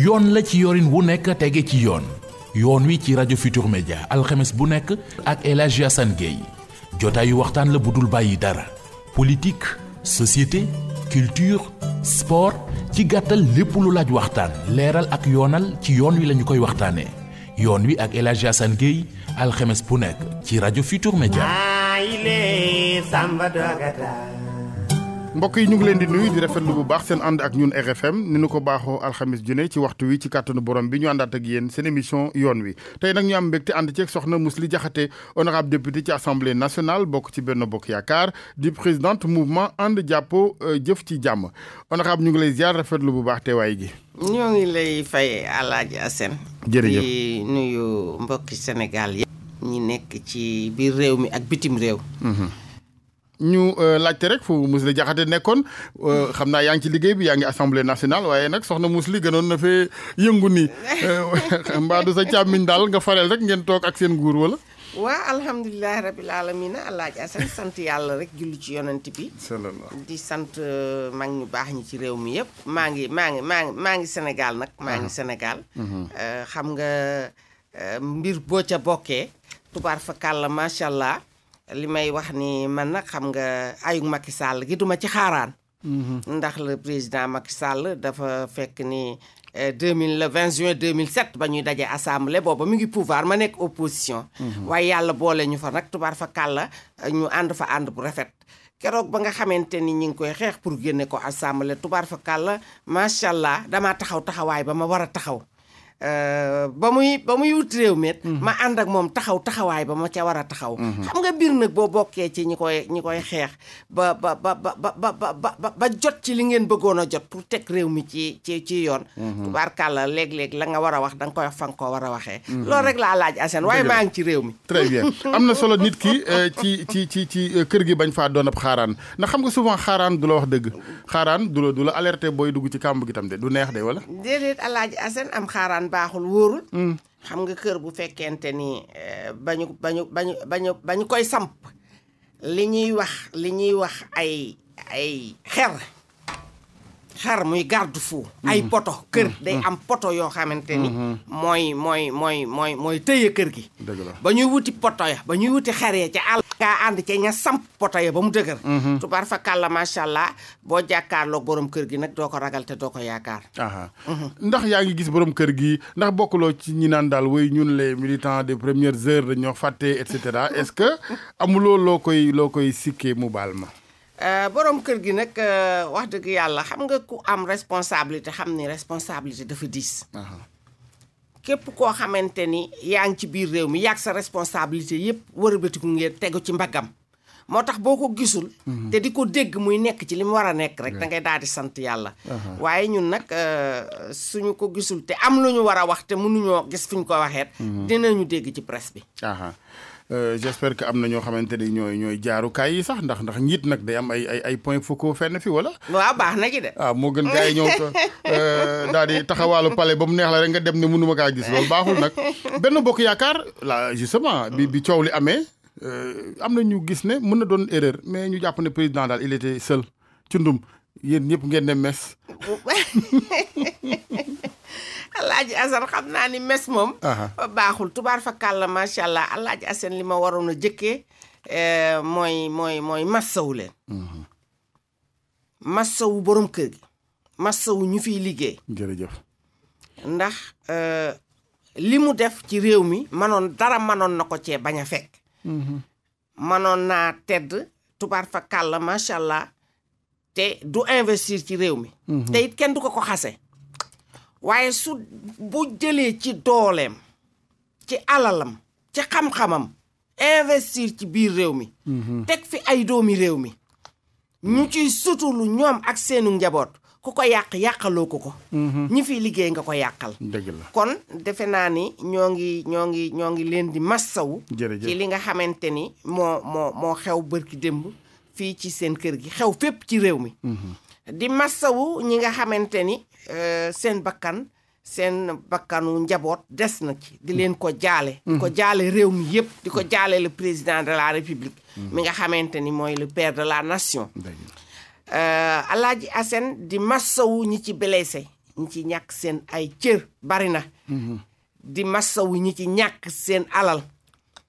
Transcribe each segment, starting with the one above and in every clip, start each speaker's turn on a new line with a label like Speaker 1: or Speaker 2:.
Speaker 1: yoon la ci yorin wu nekk tege ci yoon yoon wi ci rajo Futur Media alxemes bu nekk ak El Hadji jotaayu waxtaan la bu dul bàyyi dara politique société culture sport ci gàttal lépp lu laaj waxtaan leeral ak yoonal ci yoon wi lañu koy waxtaanee yoon wi ak El Hadji Assane bu nekk ci rajo Futur Media. mbokk yi ñu ngi leen di nuyu di lu bu baax seen ànd ak ñun RFM ni nu ko baaxoo alxamis ju ci waxtu wi ci kàttanu borom bi ñu àndaat ak yéen seen émission yoon wi tey nag ñu am mbégte ànd ceeg soxna Mously Diakhaté honorable député ci assemblée nationale bokk ci benn Bokk Yaakaar di présidente mouvement ànd jàppo euh, jëf ci jàmm honorable ñu ngi lay ziar rafetlu bu baax teewaay gi
Speaker 2: ñoo ngi lay fay Alaaji Assane jërëjëf di nuyu mbokki Sénégal yëpp ñi nekk ci biir réew mi ak bitim réew
Speaker 3: mm-hmm.
Speaker 1: ñu euh,
Speaker 2: laajte rek fu Mously Diakhaté nekkoon
Speaker 1: euh, xam naa yaa ngi ci liggéey bi yaa ngi assemblée nationale waaye nag soxna Mously gënoon na fee yëngu nii euh, mbaa du sa càmmiñ daal nga fareel rek ngeen toog ak seen nguur wala.
Speaker 2: waa alhamdulilah rabil aalamiina alaaji asan sant yàlla rek julli ci yonent bi. di sant mag ñu baax ñu ci réew mi yëpp. maa ngi maa ngi maa maa ngi Sénégal nag. maa ngi Sénégal. Mhm. xam nga mbir boo ca bokkee. tubaar fa kàll macha allah. li may wax ni man nag xam nga ayug Macky Sall gi duma ci xaaraan. Mhm. ndax le président Macky Sall dafa fekk ni. 2000 eh, le 20 juin 2007 ba ñuy daje assemblée booba mu ngi pouvoir ma nekk opposition. Mhm. waaye yàlla boole ñu fa nag tubaar fa kàlla ñu ànd fa ànd bu rafet. keroog ba nga xamante ni ñu ngi koy xeex pour génne ko assemblée tubaar fa kàlla macha allah damaa taxaw taxawaay ba ma war a taxaw. Euh, ba muy ba muy wut réew mi ma ànd ak moom taxaw taxawaay ba ma ca war a taxaw. Mhm. xam nga mbir nag boo bokkee ci ñi koy ñi koy xeex ba ba ba ba ba ba ba jot ci li ngeen bëggoon a jot pour teg réew mi ci ci ci yoon. Mhm. tubaarkàlla léeg-léeg la nga war a wax da nga koy wax fa nga koo war a waxee. Mhm. loolu rek laa laaj Assane waaye maa ngi ci réew mi.
Speaker 1: très bien am na solo nit ki euh, ci ci ci ci euh, kër gi bañ faa doon ab xaaraan ndax xam nga souvent xaaraan du la wax dëgg xaaraan du la du booy dugg ci kàmb gi tam de du neex de wala.
Speaker 2: baaxul wóorul. Mm. xam nga kër bu fekkente ni eh, bañu bañu bañu bañu bañu koy samp li ñuy wax li ñuy wax ay ay xer xar muy garde fou mm-hmm. ay poto kër mm-hmm. day am poto yoo xamante ni mm-hmm. mooy mooy mooy mooy mooy tëye kër gi ba ñuy wuti poto ya ba ñuy wuti xer ya ca àll ngaa ànd ca ña samp poto ya ba mu dëgër tubaar fa kàlla macha allah boo jàkkaarloog borom kër gi nag doo ko ragal te doo ko yaakaar
Speaker 1: ndax yaa ngi gis borom kër gi ndax bokkuloo ci ñi naan daal way ñun les militants des premières heures ñoo fàtte et cetera est-ce que amuloo loo koy loo koy sikkee mu baal ma
Speaker 2: Euh, borom kër gi nag euh, wax dëgg yàlla xam nga ku am responsabilité xam ni responsabilité dafa diis. képp koo xamante ni yaa ngi ci biir réew mi yàgg sa responsabilité yëpp wërëbatiku ngeen tegu ci mbaggam. moo tax boo ko gisul. Mhm. te di ko dégg muy nekk ci li mu war a nekk rek da ngay daal di sant yàlla. waaye ñun nag euh, suñu ko gisul te am lu war a wax te mënuñoo gis fu ñu ko waxeet. Mhm. dinañu dégg ci presse bi. Euh,
Speaker 1: j'espère que am na ñoo xamante ni ñooy ñooy jaarukaay yi sax ndax ndax njiit nag day am ay ay ay points focaux fenn fi wala.
Speaker 2: waaw baax na ci de.
Speaker 1: Ah, moo gën gars yi ñëw euh, daal di taxawaalo pale ba mu neex la rek nga dem ne mënuma kaa gis loolu baaxul nag benn bokk yaakaar la justement bi bi coow li amee euh, am na ñu gis ne mën na doon erreur mais ñu jàpp ne président daal il était seul ci ndum yéen ñëpp ngeen ne mes.
Speaker 2: aj asan xam naa ni mes moom baaxul tubaar fa kàlla macha allah aj asan li ma waroon a jëkkee eh, mooy mooy mooy massawu leen mhm. massawu borom kër gi massawu ñu fiy liggéey jërëjëf ndax eh, li mu def ci réew mi manoon dara manoon na ko cee bañ a fekk mhm. manoon naa tedd tubaar fa kàlla macha allah te du investir ci réew mi mhm. te kenn du ko ko xase waaye su bu jëlee ci dooleem ci alalam ci xam-xamam investir ci biir réew mi mhm. teg fi ay doomi réew mi ñu ciy sutulu ñoom ak seenu njaboot ku ko yàq yàqaloo ko ko mhm. ñi fiy liggéey nga ko yàqal kon defe naa ni ñoo ngi ñoo ngi ñoo ngi leen di massawu ci li nga xamante ni moo moo moo xew bërki démb fii ci seen kër gi xew fépp ci réew mi mhm. di massawu ñi nga xamante ni euh, seen bakkan seen bakkanu njaboot des na ci di leen ko jaale di ko jaale réew mi yëpp di ko jaale le président de la république mm-hmm. mi nga xamante ni mooy le père de la nation euh, alaaji Assane di massawu ñi ci blessé ñi ci ñàkk seen ay cër bari na mm-hmm. di massawu ci ñàkk seen alal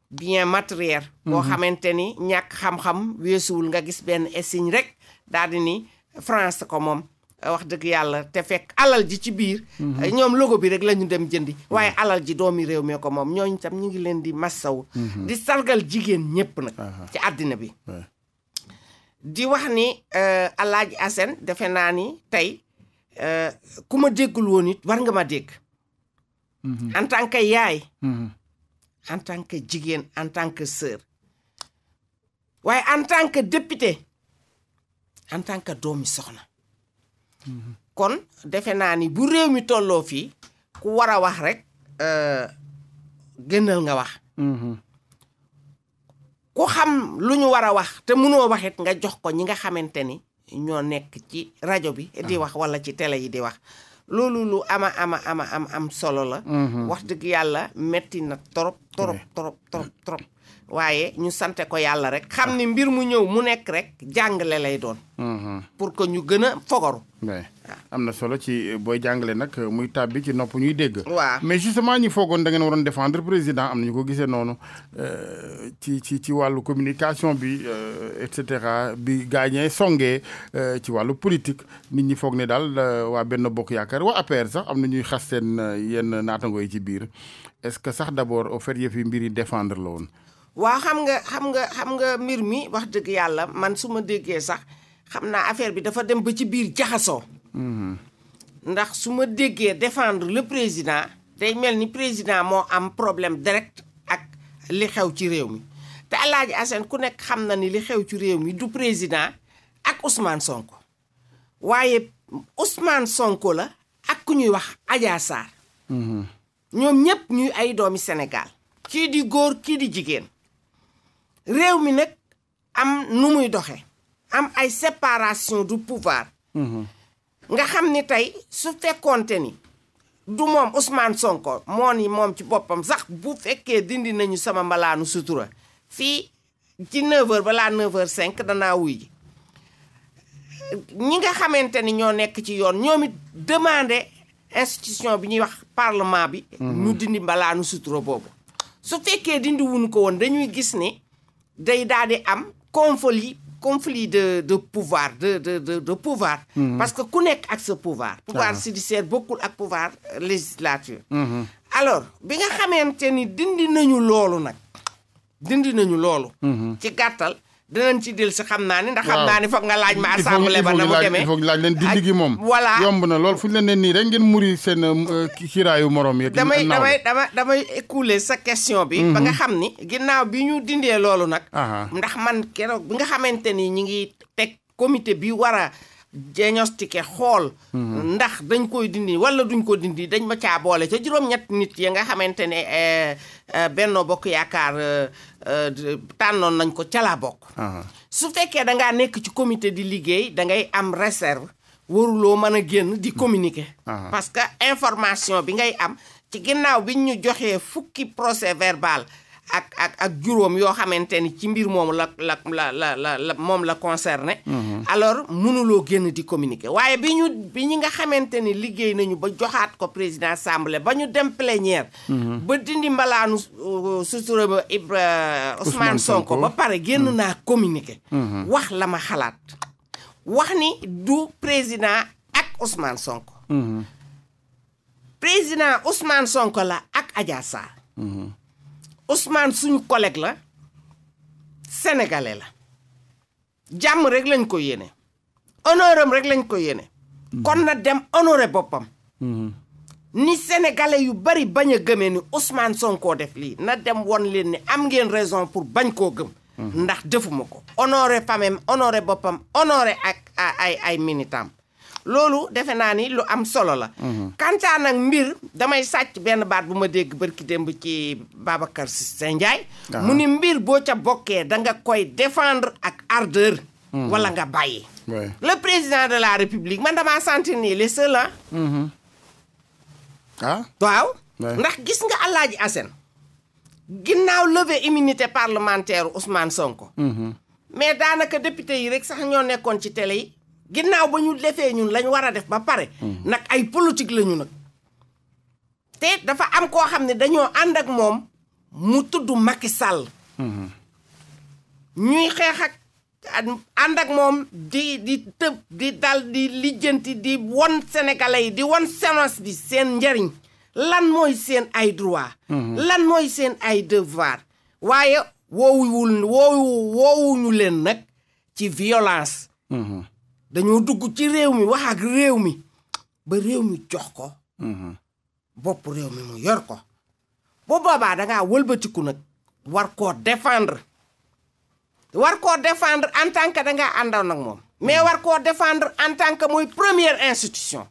Speaker 2: bien matériel boo mm-hmm. xamante ni ñàkk xam-xam weesuwul nga gis benn essigne rek daal di ni France ko moom wax dëgg yàlla te fekk alal ji ci biir. Mhm. ñoom logo bi rek la ñu dem jënd mhm. waaye alal ji doomi réew mee ko moom ñooñu tam ñu ngi leen di massaw mhm. di sargal jigéen ñépp nag. ci àddina bi. di wax ni euh, Alaaji Assane defe naa ni tey euh, ku ma déggul woon it war nga ma dégg. en tant que yaay.
Speaker 3: en
Speaker 2: tant que jigéen en tant que sœur. waaye en tant que député. en tant que doomi soxna kon defe naa ni bu réew mi tolloo fii ku war a wax rek euh, génnal nga wax mm-hmm. ku xam lu ñu war a wax te mënoo waxit nga jox ko ñi nga xamante ni ñoo nekk ci rajo bi di ah. wax walla ci télé yi di wax loolu lu ama ama ama am am solo la mm-hmm. wax dëgg yàlla metti na torop torop torop torop waaye ñu sante ko yàlla rek ah. xam ni mbir mu ñëw mu nekk rek jàngale lay doon mm-hmm. pour que ñu gën a fogaru
Speaker 3: ah.
Speaker 1: am na solo ci euh, booy jàngale nag euh, muy tàbbi ci nopp ñuy dégg waa mais justement ñi foogoon da ngeen waroon défendre président am nañu ko gisee noonu euh, ci ci ci wàllu communication bi et cetera bi gaañee songee ci wàllu politique nit ñi foog ne daal waa benn bokk yaakaar wa APR sax am na ñuy xas seen yenn naatango yi ci biir est-ce que sax d'abord au fait yëf yi mbir yi défendre la woon
Speaker 2: waa xam nga xam nga xam nga mbir mi wax dëgg yàlla man su ma déggee sax xam naa affaire bi dafa dem ba ci biir jaxasoo. Mhm. ndax su ma déggee défendre le président. day mel ni président moo am problème direct ak li xew ci réew mi te El Hadj Assane ku nekk xam na ni li xew ci réew mi du président ak usmaan Sonko waaye Ousmane Sonko la ak ku ñuy wax Adja mhm. ñoom ñëpp ñuy ay doomi Sénégal. kii di góor kii di jigéen. réew mi nag am nu muy doxe am ay séparation du pouvoir mhm. nga xam ni tey su fekkoonte ni du moom Ousmane Sonko moo ni moom ci boppam sax bu fekkee dindi nañu sama mbalaanu sutura fii ci 9 balaa 9h05 danaa wuy ñi nga xamante ni ñoo nekk ci yoon ñoom it demandé institution bi ñuy wax parlement bi. Mhm. ñu dindi mbalaanu sutura boobu. su fekkee dindi wuñu woon dañuy gis ni day daal di am conflit conflit de de pouvoir de de de de pouvoir. Mhm. parce que ku nekk ak sa pouvoir. Ah. pouvoir judiciaire bokkul ak pouvoir législature. Mhm. alors bi nga xamante ni dindi nañu loolu nag dindi nañu loolu. Mhm. ci gàttal. danañ ci del si xam naa ne ndax xam naa ne foog nga laaj ma assemblée ba na mu demee il faut
Speaker 1: laaj leen dindi gi moom voilà yomb na lool fu ñu leen ne nii rek ngeen muri seen euh, kiiraayu morom yeeg damay damay
Speaker 2: dama damay écouler sa question bi ba nga mhm. xam ni ginnaaw bi ñu dindee loolu nag ndax man keroog bi nga xamante ni ñi ngi teg comité bi war diagnostiqué xool. Mhm. ndax dañ koy dindi wala duñ ko dindi dañ ma caa boole ca juróom-ñett nit ya nga xamante ne eh, eh, Benno Bokk Yaakaar eh, tànnoon nañ ko ca laa bokk. su fekkee da ngaa nekk ci comité di liggéey da ngay am réserve waruloo mën a génn di mhm. communiquer. parce que information bi ngay am ci ginnaaw bi ñu joxee fukki procès verbal. ak ak ak juróom yoo xamante ni ci mbir moomu la la la la la moom la concerné. Mhm. alors mënuloo génn di communiquer waaye bi ñu bi ñi nga xamante ni liggéey nañu ba joxaat ko président assemblée ba ñu dem plénière. Mhm. ba dindi mbalaanu euh, sutura ba Sonko ba pare génn mhm. naa communiquer. wax la ma xalaat wax ni du président ak Ousmane Sonko. président Ousmane Sonko la ak Adja Ousmane suñu collègue la sénégalais la jàmm rek lañ ko yéene honoram rek lañ ko yéene mhm. kon na dem honoré boppam mhm. ni senegale yu bari bañ a gëmee ni Ousmane Sonko def lii na dem won leen ni am ngeen raison pour bañ koo gëm mhm. ndax defuma ko honoré famem honoré boppam honoré ak ay ay militant loolu defe naa ni lu am solo la. Mhm. kantaa nag mbir damay sàcc benn baat bu ma dégg barki démb ci Babacar Sy Ndiaye. mu ni mbir boo ca bokkee da nga koy défendre ak ardeur. Mhm. wala nga bàyyi. le président de la république man damaa santir nii les seuls mhm. ah? waaw. ndax gis nga Alaaji Assane. ginnaaw levé immunité parlementaire Ousmane Sonko. mais daanaka député yi rek sax ñoo nekkoon ci télé yi. ginnaaw ba ñu defee ñun lañu war a def ba pare. Hmm. nag ay politique lañu ñu nag. te dafa am koo xam ne dañoo ànd ak moom mu tudd Macky sàll hmm. ñuy xeex ak ànd ak moom di di tëb di dal di lijjanti di won sénégalais yi di won séance bi seen njariñ lan mooy seen ay droit. Hmm. lan mooy seen ay devoir. waaye woowuwul woowu woowuñu leen nag ci violence. dañoo dugg ci réew mi wax ak réew mi ba réew mi jox ko mm-hmm. bopp réew mi mu yor ko bu boobaa dangaa wëlbatiku nag war koo défendre war koo défendre en tant que dangaa àndoon nag moom mais mm-hmm. war koo défendre en tant que mooy première institution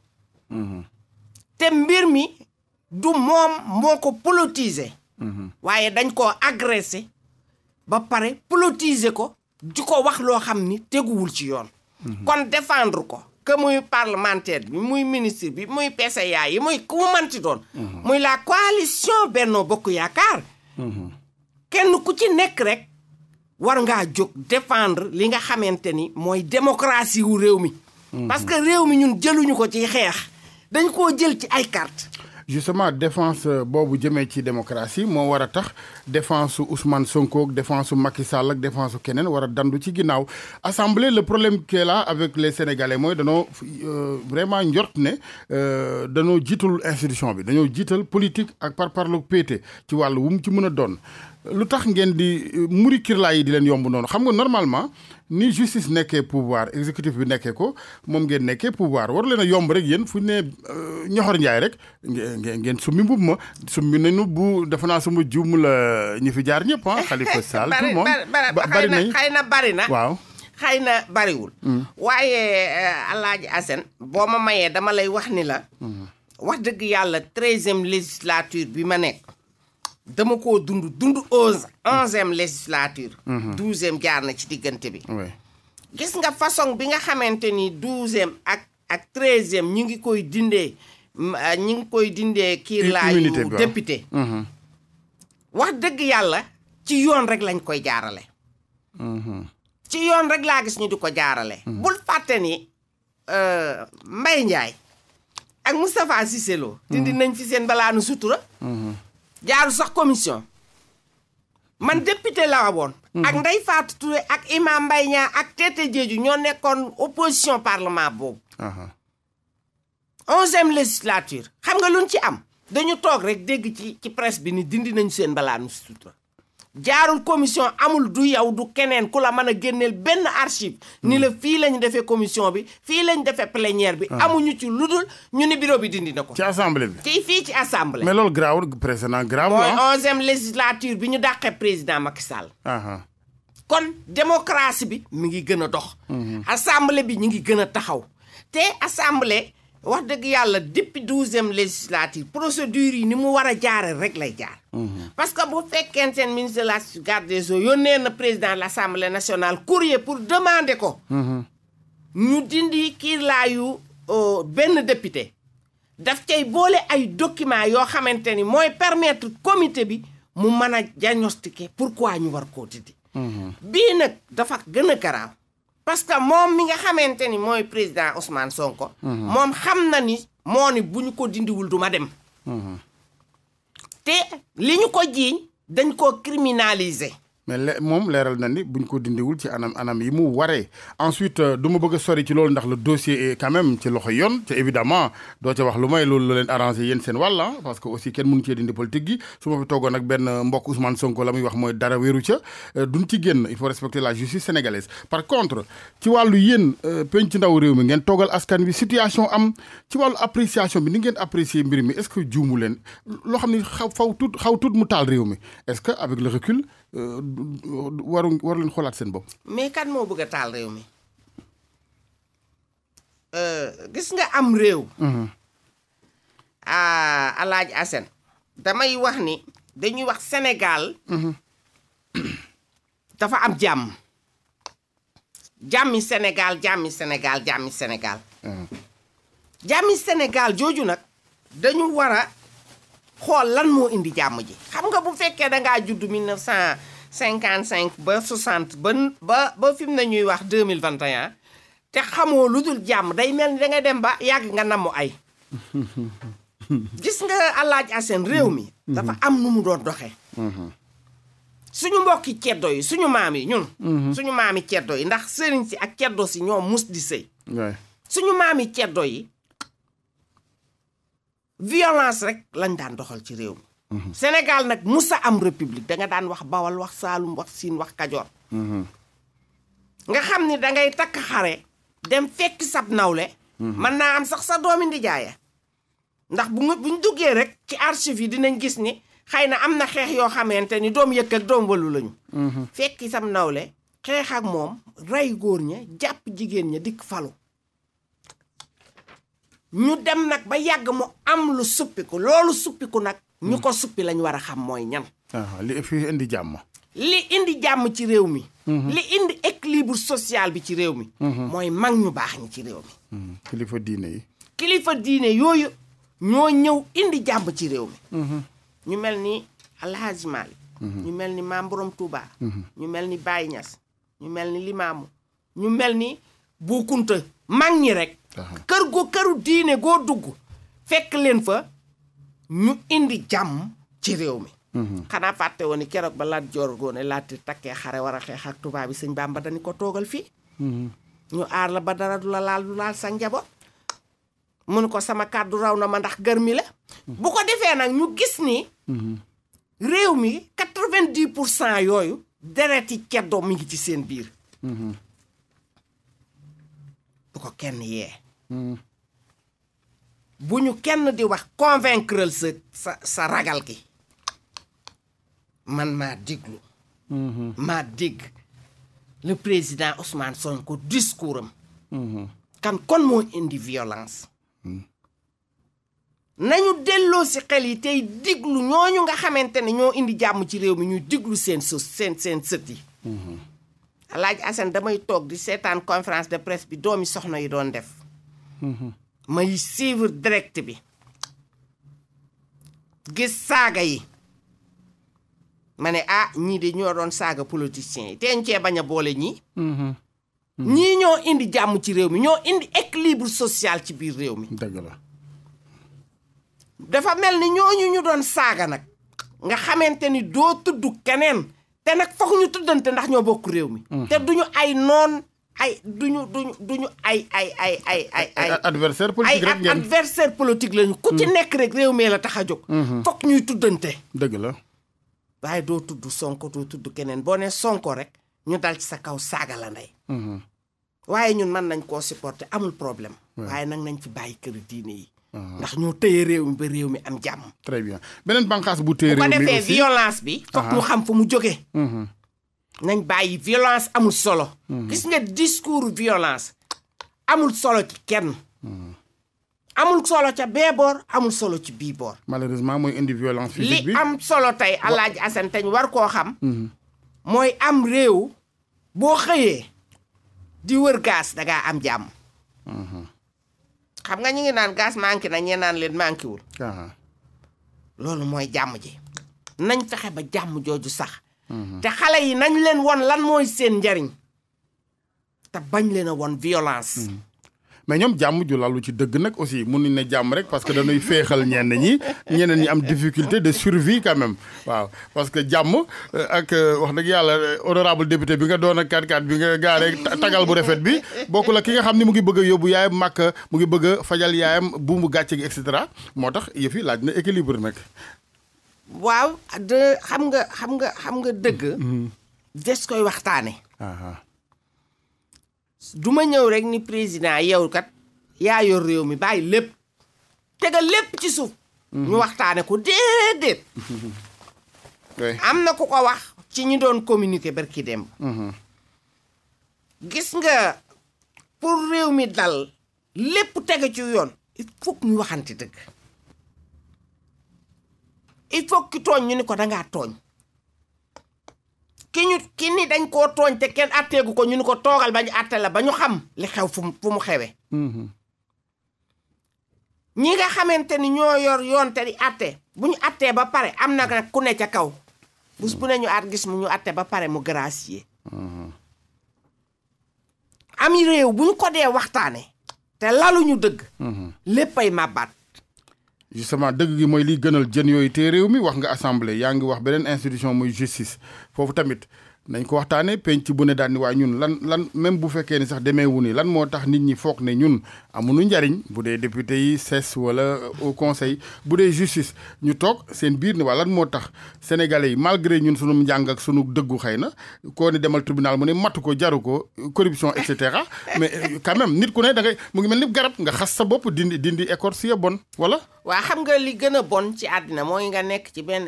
Speaker 2: mm-hmm. te mbir mi du moom moo ko politiser waaye dañ koo agressé ba pare politiser ko di ko wax loo xam ni teguwul ci yoon kon défendre ko que muy parlementaire bi muy ministre bi muy PCA yi muy ku manti doon mhm. muy la coalition Benno Bokk Yaakaar mhm. kenn ku ci nekk rek war ngaa jóg défendre li nga xamante ni mooy démocratie wu réew mi mhm. parce que réew mi ñun jëluñu ko ci xeex dañ koo jël ci ay carte justement
Speaker 1: défense euh, boobu jëmee ci démocratie moo war a tax défense su Ousmane Sonko ak défense su Macky Sall ak défense su keneen war a dandu ci ginnaaw assemblée le problème qui avec le sénégalais mooy danoo euh, vraiment njort ne euh, danoo jiitul institution bi dañoo jiital politique ak par parlo pété ci wàll wu mu ci mën a doon lu tax ngeen di muri kirlaa yi di leen yomb noonu xam nga normalement. ni justice nekkee pouvoir exécutif bi nekkee ko moom ngeen nekkee pouvoir waru leen a yomb rek yéen fu ñu nee ñoxor njaay rek ngeen ngeen summi mbubb ma summi nañu bu defe naa suma juum la ñi fi jaar ñëpp ah. Khalifa Sall tout le
Speaker 2: monde bari na xëy na bari na waaw. xëy na bariwul. Hmm. waaye euh, Alaaji Assane boo ma mayee dama lay wax ni la. Hmm. wax dëgg yàlla treizième législature bi ma nekk. dama koo dund dund onze onzième législature mhm. douzième jaar na ci diggante bi gis nga façon bi nga xamante ni douzième ak ak treizième ñu ngi koy dindee ah, ñu ngi koy dindee kii laayu député mhm. wax dëgg yàlla ci yoon rek lañ koy jaarale mhm. ci yoon rek laa gis ñu di ko jaarale bul fàtte ni euh, mbay Ndiaye ak Moustapha Cissé Lo dindi nañ fi seen balaanu sutura jaar sax commission man député laa woon. Hmm. ak Ndeye Fatou Touré ak Imam Mbaye Niang ak Tete Diédhiou ñoo nekkoon opposition parlement boobu. onzième législature xam nga luñ ci am dañu toog rek dégg ci ci presse bi ni dindi nañu seen balaa nu sutura jaarul commission amul du yow du keneen ku la mën a génneel benn archive ni la hmm. fii lañu defee commission bi fii lañu defee plénière bi ah. amuñu ci lu ludul ñu ni bureau bi
Speaker 1: dindi na ko ci assemblée
Speaker 2: bi ci fii ci assemblée mais
Speaker 1: loolu grave président grave mooy ah.
Speaker 2: onzième législature bi ñu dàqee président Macky Sall kon démocratie bi mi ngi gën a dox hmm. assemblée bi ñu ngi gën a taxaw te assemblée wax dëgg yàlla depuis douzième législature procédure yi ni mu war a jaare rek lay jaar Mm-hmm. parce que bu fekkeen seen ministre de la garde des yónnee na président de l' assemblée nationale courrier pour demander ko. Mm-hmm. ñu dindi kiirlaayu euh, benn député. daf cay boole ay documents yoo xamante ni mooy permettre comité bi mu mën a diagnostiquer pourquoi ñu war koo dindi. Mm-hmm. bii nag dafa gën a garaaw. parce que moom mi nga xamante ni mooy président Ousmane Sonko. moom xam na ni moo ni bu ñu ko dindiwul du ma dem. te li ñu ko jiiñ dañ ko criminaliser mais le moom
Speaker 1: leeral na ni buñ ko dindiwul ci anam anam yi mu waree ensuite euh, du ma bëgg sori ci loolu ndax la dossier est quand ci loxo yoon te évidemment doo ca wax lu may loolu la leen arangé yéen seen wàll parce que aussi kenn mënu cee dindi politique gi su ma fi toogoon ak benn mbokk Ousmane Sonko la muy wax mooy dara wéeru ca euh, duñ ci génn il faut respecter la justice sénégalaise par contre ci wàllu yéen euh, penc ndaw réew mi ngeen toogal askan wi situation am ci wàllu bi ni ngeen apprécier mbir mi est-ce que juumu leen loo xam ne xaw faw tut xaw tut mu taal est-ce que avec le recul Euh, waru war leen xoolaat seen bopp.
Speaker 2: mais kan moo bugg a taal réew mi euh, gis nga am réew. Mhm. Ah, Alaaji asen damay wax ni dañuy wax senegaal mhm. dafa am jàmm. jàmmi Sénégal jàmmi Sénégal jàmmi Sénégal. Mhm. jàmmi jooju nag dañu war xool lan moo indi jàmm ji xam nga bu fekkee da ngaa judd 1955 ba 60 ba ba ba fi mu ne ñuy wax 2021 te xamoo lu jul jàmm day mel ni da nga dem ba yàgg nga namu ay gis nga àllaaji aseen réew mi dafa am nu mu doon doxee suñu mbokki ceddo yi suñu maam yi ñun suñu maami ceddo yi ndax sëriñ si ak ceddo si ñoom mus di sëy suñu maam yi ceddo yi violence rek lañ daan doxal ci réew mi mhm. Sénégal nag musa am république danga daan wax Bawal wax Saalum wax Siin wax Kajoor mhm. nga xam ni dangay takk xare dem fekki sab nawle mhm. mën naa am sax sa doomi ndijaaya ndax bu nga buñ duggee rek ci archives yi dinañ gis ni xëy na am na xeex yoo xamante ni doom yëkk ak doom walu lañu fekki sab nawle xeex ak moom rey góor ña jàpp jigéen ña dikk falu ñu dem nag ba yàgg mu am lu suppiku loolu suppiku nag ñu mm. ko suppi lañ war a xam mooy ñan ah, li fi indi jàmm li indi jàmm ci réew mi mm-hmm. li indi équilibre social bi ci réew mi mm-hmm. mooy mag ñu baax ñi ci réew mi
Speaker 1: mm-hmm. kilifa diine yi
Speaker 2: kilifa diine yooyu ñoo ñëw indi jàmm ci réew mi ñu mel ni Alhaji ñu mel ni maam Borom ñu mel ni Baye Niass ñu mel ni limaamu ñu mel ni Boukounta mag ñi rek kër goo këru diine goo dugg fekk leen fa ñu indi jàmm ci réew mi mhm. xanaa fàtte woon ni keroog ba laat joor goone laati takkee xare war a xeex ak tubaab bi sëñ Bàmba dañu ko toogal fii mhm. ñu aar la ba dara du la laal du sa njaboot mu ne ko sama kàddu raw na ma ndax gër mi la mhm. bu ko defee nag ñu gis ni réew mi quatre-vingt-dix pour cent yooyu dereti mi ngi ci seen biir bu ko kenn yee bu ñu kenn di wax convaincre sa sa sa ragal gi man maa diglu mm-hmm. maa digg le président Ousmane Sonko discours am mm-hmm. kan kon moo indi violence mm-hmm. nañu delloo si xel yi tey diglu ñu nga xamante ne ñoo indi jàmm ci réew mi ñuy diglu seen sos seen seen sët yi Alaaji Assane damay toog di seetaan conférence de presse bi doomi soxna yi doon def Mm-hmm. may suivre direct bi gis saaga yi ma ne ah ñii de ñoo doon saaga politiciens yi teeñ cee bañ a boole ñii mm-hmm. Mm-hmm. ñii ñoo indi jàmm ci réew mi ñoo indi équilibre social ci biir réew mi dëgg la dafa mel ni ñooñu ñu doon saaga nag nga xamante ni doo tudd keneen te nag foog ñu tuddante ndax ñoo bokk réew mi te duñu ay noon ay duñu duñu duñu ay ay ay ay ay ay adversaire politique rek ngeen ay adversaire politique lañu ku ci mm. nekk rek réew mee la tax a jóg mm-hmm. fokk ñuy tuddante dëgg la waaye doo tudd sonko doo tudd keneen boo ne sonko rek ñu dal ci sa kaw saaga la ndey mm-hmm. waaye ñun mën nañ koo supporter amul problème waaye nag nañ ci bàyyi kër diine yi mm-hmm. ndax ñoo téye réew mi ba réew mi am jàmm très beneen bànqaas bu téye réew mi aussi bu ko defee violence bi fokk ñu xam fu mu jógee nañ bàyyi violence amul solo. gis nga discours violance amul solo ci kenn. amul solo ca bee amul solo ci bii boor. malheureusement mooy indi violence physique li am solo tey Alaaji Assane teñ war koo xam. Mhm. mooy am réew boo xëyee di wër gaz da am jàmm. Mhm. xam nga ñu ngi naan gaz manqué nañ ñee naan leen manqué wul. loolu mooy jàmm ji. nañ fexe ba jàmm jooju sax. te xale yi nañ leen won lan mooy seen njariñ te bañ leen a won violence. Hmm. mais
Speaker 1: ñoom jàmm ju lalu ci dëgg nag aussi mun nañ ne jàmm rek parce que dañuy féexal ñenn ñi ñeneen ñi am difficulté de survie quand même waaw parce que jàmm euh, ak euh, wax dëgg yàlla euh, honorable député bi nga doon a 4-4 bi nga gaaree tagal bu rafet bi bokk la ki nga xam ni mu ngi bëgg a yóbbu yaayam màkk mu ngi bëgg a fajal yaayam buumu gàcce gi et cetera moo tax yëf laaj na équilibre nag
Speaker 2: waaw de xam nga xam nga xam nga dëgg. Mm-hmm. Mm-hmm. des koy waxtaane duma ñëw rek ni président yow kat yaa yor réew mi bàyyi lépp tegal lépp ci suuf. Mm-hmm. ñu waxtaane ko déedéet. am na ku ko wax ci ñu doon communiquer barki démb. gis nga pour réew mi dal lépp tege ci yoon. il faut ñu waxante dëgg. il faut ki tooñ ñu ni ko danga tooñ ki ñu ki dañ koo tooñ te kenn atteegu ko ñu ni ko toogal ba ñu atte la ba ñu xam li xew fu mu fu mu xewee mm-hmm. ñi nga xamante ni ñoo yor yoon te di atte bu ñu attee ba pare am na nag ku ne ca kaw bus bu ne ñu at mu ñu atte ba pare mu gracier mm-hmm. am réew bu ñu ko dee waxtaane te laluñu dëgg mm-hmm. léppay màbbaat
Speaker 1: justement dëgg gi mooy liy gënal jën yooyu te réew mi wax nga assemblée yaa ngi wax beneen institution muy justice foofu tamit nañ ko waxtaanee penc bu ne daan ni waaye ñun lan lan même bu fekkee ne sax demeewu nii lan moo tax nit ñi foog ne ñun amuñu njariñ bu dee député yi CESE wala euh, au conseil bu dee justice ñu toog seen biir ni waa lan moo tax sénégalais yi malgré ñun sunu njàng ak sunu dëggu xëy na koo ne demal tribunal mu ne matu ko jaru ko corruption et cetera mais euh, quand même nit ku ne da mu ngi mel ni garab nga xas sa bopp dindi dindi écorce ya bon wala.
Speaker 2: waa xam nga li gën a bon ci àddina mooy nga nekk ci benn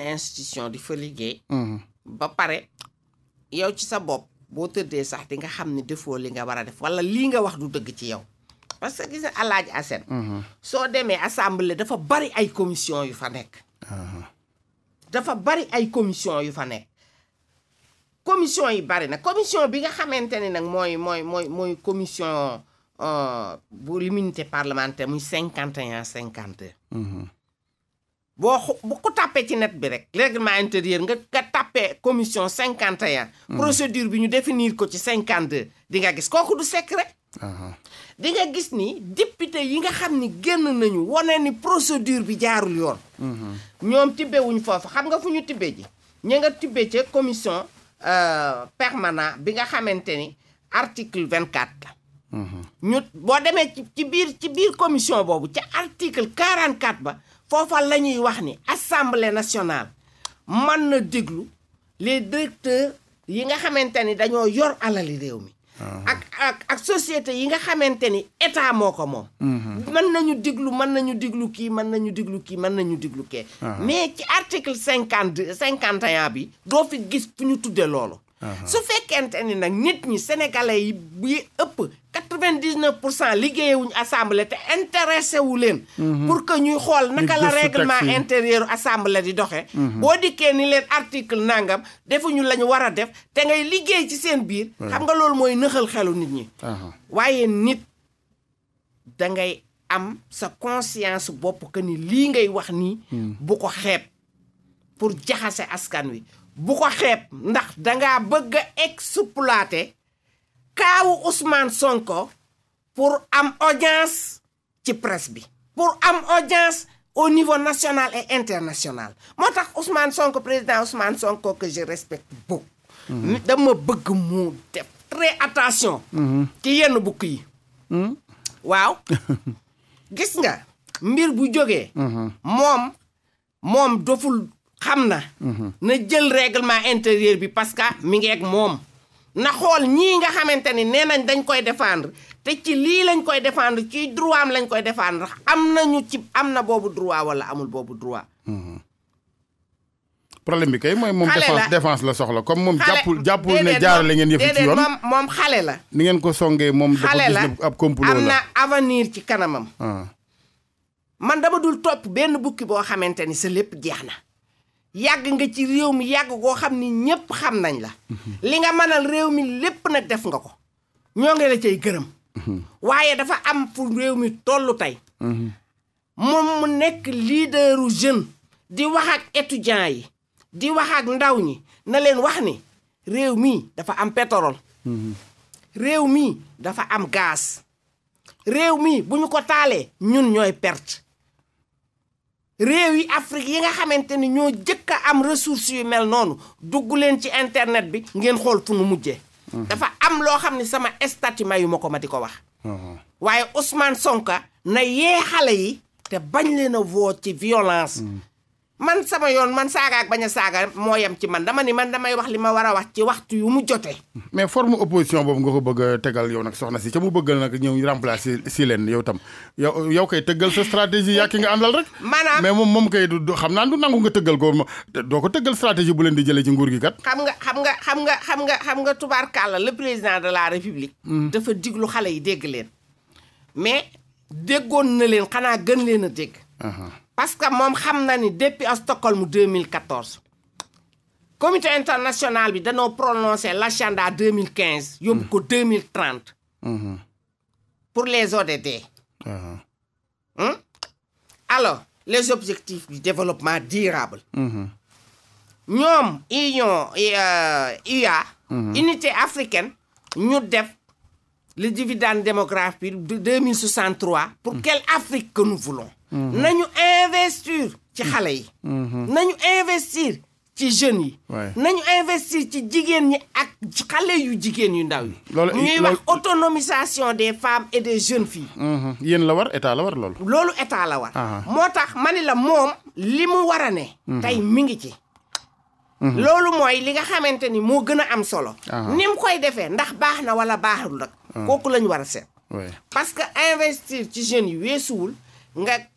Speaker 2: di fa liggéey. ba pare. yow ci sa bopp boo tëddee sax di nga xam ne defoo li nga war a def wala lii nga wax du dëgg ci yow parce que gis nga alaaji Assane mhm. soo demee assemblée dafa bari ay commission yu fa nekk uh-huh. dafa bari ay commission yu fa nekk commission yi bari na commission bi nga xamante ne nag mooy mooy mooy mooy commission euh, bu l'immunité parlementaire muy cinquante et un cinquante boo bu ko tàppee ci net bi rek règlement intérieur nga nga tàppee commission cinquante et un hmm. procédure bi ñu définir ko ci cinquante deux dinga gis kooku du secret di nga gis ni député yi nga xam ni génn nañu wane ni procédure bi jaarul yoon hmm. ñoom tibbewuñ foofu xam nga fu ñu tibbee ji ña nga tibbee ca commission euh, permanant bi nga xamante ni article vingt quatre
Speaker 3: la hmm.
Speaker 2: boo demee ci biir ci biir commission boobu ca article quarante quatre ba foofa la ñuy wax ni assemblée nationale man na déglu les directeurs yi nga xamante ni dañoo yor alali réew mi. Ah. ak ak ak yi nga xamante ni état moo ko moom. Mhm. mën nañu déglu mën nañu déglu kii mën nañu déglu kii mën nañu diglu kee. Ah. mais ci article cinquante deux cinquante et un bi doo fi gis fu ñu tuddee loolu. Uh-huh. su fekkente ni nag nit ñi sénégalais yi yi ëpp quatre-vingt-dix-neuf pour cent liggéeyewuñu assemblée te intéressé wu leen uh-huh. pour que ñuy xool naka la règlement intérieur assemblée di doxe uh-huh. boo dikkee ni leen article nangam defuñu la ñu war a def te ngay liggéey ci seen biir xam nga loolu mooy nëxal xelu nit ñi waaye nit dangay am sa conscience bopp que ni lii ngay wax nii hmm. bu ko xeeb pour jaxase askan wi bu ko xeeb ndax dangaa bëgg a kaawu Ousmane Sonko pour am audience ci presse bi. pour am audience au niveau national et international moo tax Ousmane Sonko président Ousmane Sonko que je respecte beaucoup. Mhm. dama bëgg mu def très attention. Mhm. ci yenn bukk yi. Mhm. waaw gis nga mbir bu jógee. moom moom doful. xam na. Mhm. na jël règlement intérieur bi parce que mi ngi ak moom. na xool ñii nga xamante ni nee nañ dañ koy défendre te ci lii lañ koy défendre ci droit am lañ koy défendre am nañu ci am na boobu droit wala amul boobu droit.
Speaker 3: Mhm.
Speaker 1: problème bi kay mooy moom défense défense la soxla comme moom jàppul jàppul ne jaarale ngeen yëf ci yoon moom
Speaker 2: moom xale la
Speaker 1: ni ngeen ko songee moom dafa gis ne ab complot la am na
Speaker 2: avanir ci kanamam ah. man dama dul topp benn bukki boo xamante ni sa lépp jeex na yàgg nga ci réew mi yàgg goo xam ni ñëpp xam nañ la. Mhm. li nga mënal réew mi lépp nag def nga ko. ñoo ngi la cay gërëm. Mhm. waaye dafa am fu réew mi tollu tey. Mhm. moom mu nekk leaderu jeune. di wax ak étudiants yi. di wax ndaw ñi na leen wax ni réew mi dafa am pétrole. réew mi dafa am gaas réew mi bu ñu ko taalee ñun ñooy perte. réew yi Afrique yi nga xamante ni ñoo jëkk a am ressources yu mel noonu dugg leen ci internet bi ngeen xool fu nu mujjee. Hmm. dafa am loo xam ni sama statut mayu ma ko ma di ko wax. Uh-huh. waaye Ousmane sonka na yee xale yi. te bañ leen a woo ci violence. Hmm. man sama yoon man saagaak bañ a saaga moo yem ci man dama ni man damay wax li ma war a wax ci waxtu yu mu jote
Speaker 1: mais forme opposition boobu nga ko bëgg tegal yow nag soxna si ca mu bëggal nag ñëw remplacer si leen yow tam yow koy kay tëggal sa stratégie yaa ki nga àndal rek. maanaam mais moom moom kay du xam naa du nangu nga tëggal ko doo ko tëggal stratégie bu leen di jëlee ci nguur gi kat.
Speaker 2: xam nga xam nga xam nga xam nga xam nga tubaarkàlla le président de la république. Hmm. dafa diglu xale yi dégg leen. mais déggoon na leen xanaa gën leen a dégg. parce que moom xam na ni depuis à Stockholm 2014 comité international bi danoo prononcé l' agenda 2015. yóbbu ko 2030. Mhm. pour les ODD. Uh-huh. Hmm? alors les objectifs du développement durable. Mhm. ñoom union UA. Euh, mhm. unité africaine ñu def. le dividende démographique de 2063. pour quelle Afrique que nous voulons. Mm-hmm. nañu investir ci xale yi. Mm-hmm. nañu investir ci jeunes yi. nañu investir ci jigéen ñi ak xale yu jigéen yu ndaw yi. loolu ñuy wax autonomisation des femmes et des jeunes filles. Mm-hmm. yéen la war état la war loolu. loolu état la war. moo tax ma la moom li mu war a ne. tey mi ngi ci. loolu mooy li nga xamante ni moo gën a am solo. ni mu koy defee ndax baax na wala baaxul nag. Ah. kooku lañu war a seet. investir ci jeunes yi weesuwul nga.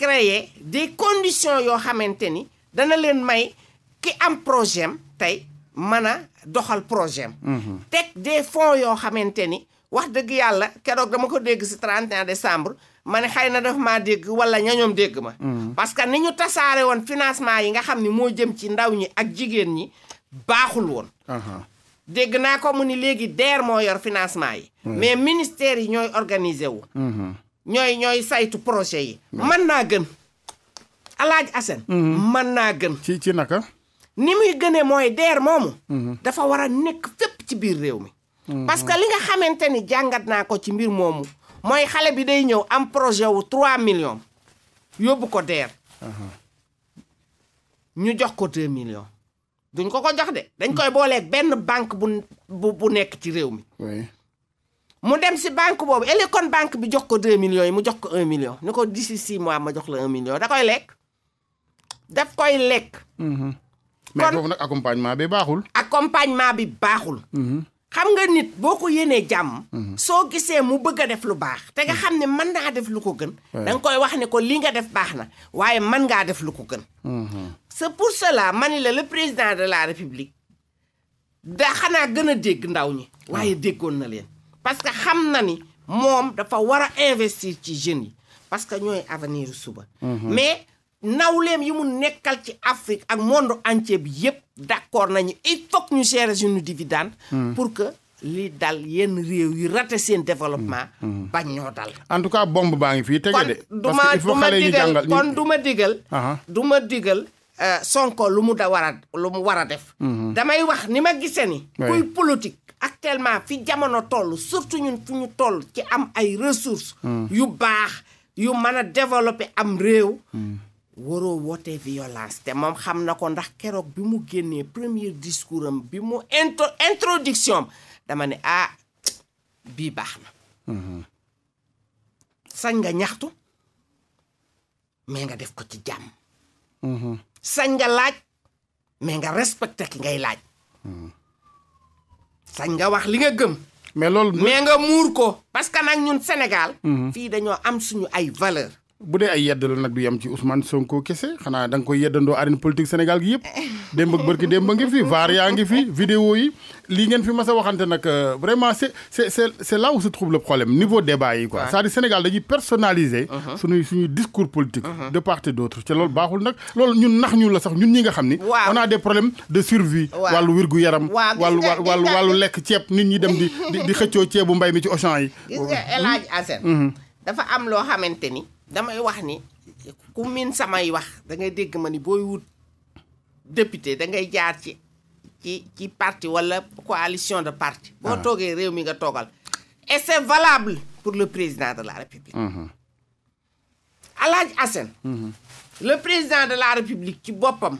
Speaker 2: créer des conditions yoo xamante ni dana leen may ki am projet am tey mën a doxal projet am mhm. teg des fonds yoo xamante ni wax dëgg yàlla keroog dama ko dégg si 31 décembre ma ne xëy na daf ma dégg wala ñañoom dégg ma mhm. parce que ni ñu tasaare woon financement yi nga xam ni moo jëm ci ndaw ñi ak jigéen ñi baaxul woon dégg naa ko mu ni léegi DER moo yor financement yi mais ministère yi ñooy organiser wu mhm. ñooy ñooy saytu projet yi. man naa gën alaaj Assane. man mm-hmm. naa gën. ci ci naka. ni muy gëne mooy deer moomu. Mm-hmm. dafa war a nekk fépp ci biir réew mi. Mm-hmm. parce que li nga xamante ni jàngat naa ko ci mbir moomu mooy xale bi day ñëw am projet wu 3 millions yóbbu ko deer. Uh-huh. ñu jox ko 2 millions. duñ ko ko jox de. dañ koy booleeg benn banque bu bu nekk ci réew mi. mu dem si banque boobu ele kon banque bi jox ko 2 million yi mu jox ko 1 million ni ko d'ici 6 mois ma jox la 1 million da koy lekk daf koy lekk. Mhm. kon mais foofu nag accompagnement bi baaxul. accompagnement bi baaxul. Mhm. xam nga nit boo ko yéenee jàmm. Mhm. soo gisee mu bëgg a def lu baax. te nga xam ne mën naa def lu ko gën. da koy wax ne ko lii nga def baax na waaye man ngaa def lu ko gën. c'est pour cela la ni la le président de la république da xanaa gën a dégg ndaw ñi. waaye déggoon na leen. parce que xam na ni moom dafa war a investir ci jeunes yi parce que ñooy avenir suba.
Speaker 3: Mhm. mais
Speaker 2: nawleem yi mu nekkal ci Afrique ak monde entier bi yëpp d' accord nañu il faut que ñu gérer suñu dividende. Mhm. pour que li dal yenn réew yu raté seen développement. Mhm. bañ ñoo dal. en tout cas bombe baa
Speaker 1: ngi fii tege de. parce que il faut xale yi du
Speaker 2: ma digal du ma euh, sonko lu mu da war a lu mu war a def.
Speaker 3: damay
Speaker 2: wax ni ma gisee ni. kuy politique. actuellement fi jamono toll surtout ñun fu ñu toll ci am ay ressources. Hmm. yu baax yu mën a développer am réew. Hmm. waroo wootee violence te moom xam na ko ndax keroog bi mu génnee premier discours am bi mu intro introduction am dama ne ah bii baax na. Hmm. sañ nga ñaxtu mais nga def ko ci
Speaker 3: jàmm.
Speaker 2: sañ nga laaj mais nga respecté ki ngay laaj. sañ nga wax li nga gëm. mais loolu mais nga muur ko. parce que nag ñun Sénégal. Mm-hmm. fii dañoo am suñu ay valeur
Speaker 1: bu dee ay yedd la nag du yem ci Ousmane Sonko kese xanaa da nga koy yeddandoo arène politique Sénégal gi yëpp démb ak bërki démb ngi fi vaar yaa ngi fi vidéo yi lii ngeen fi mas a waxante nag euh, vraiment c'est c'est c'est c'est là où se trouve le problème niveau débat yi quoi c'est-à-dire Sénégal dañuy personnaliser uh-huh. suñuy suñuy discours politique uh-huh. de part et d'autre te loolu baaxul nag loolu ñun nax ñu la sax ñun ñi nga xam ni on a des problèmes de survie wàllu wirgu yaram wàllu wàllu wàllu lekk ceeb nit ñi dem di di xëccoo ceebu mbay mi ci Auchan yi gis
Speaker 2: nga mm-hmm. am loo xamante ni damay wax ni ku min samay wax dangay dégg ma ni booy wut député da ngay jaar ci ci ci parti wala coalition de parti boo ah. toogee réew mi nga toogal et c'est valable pour le président de la république mm-hmm. Alhaji Assane mm-hmm. le président de la république ci boppam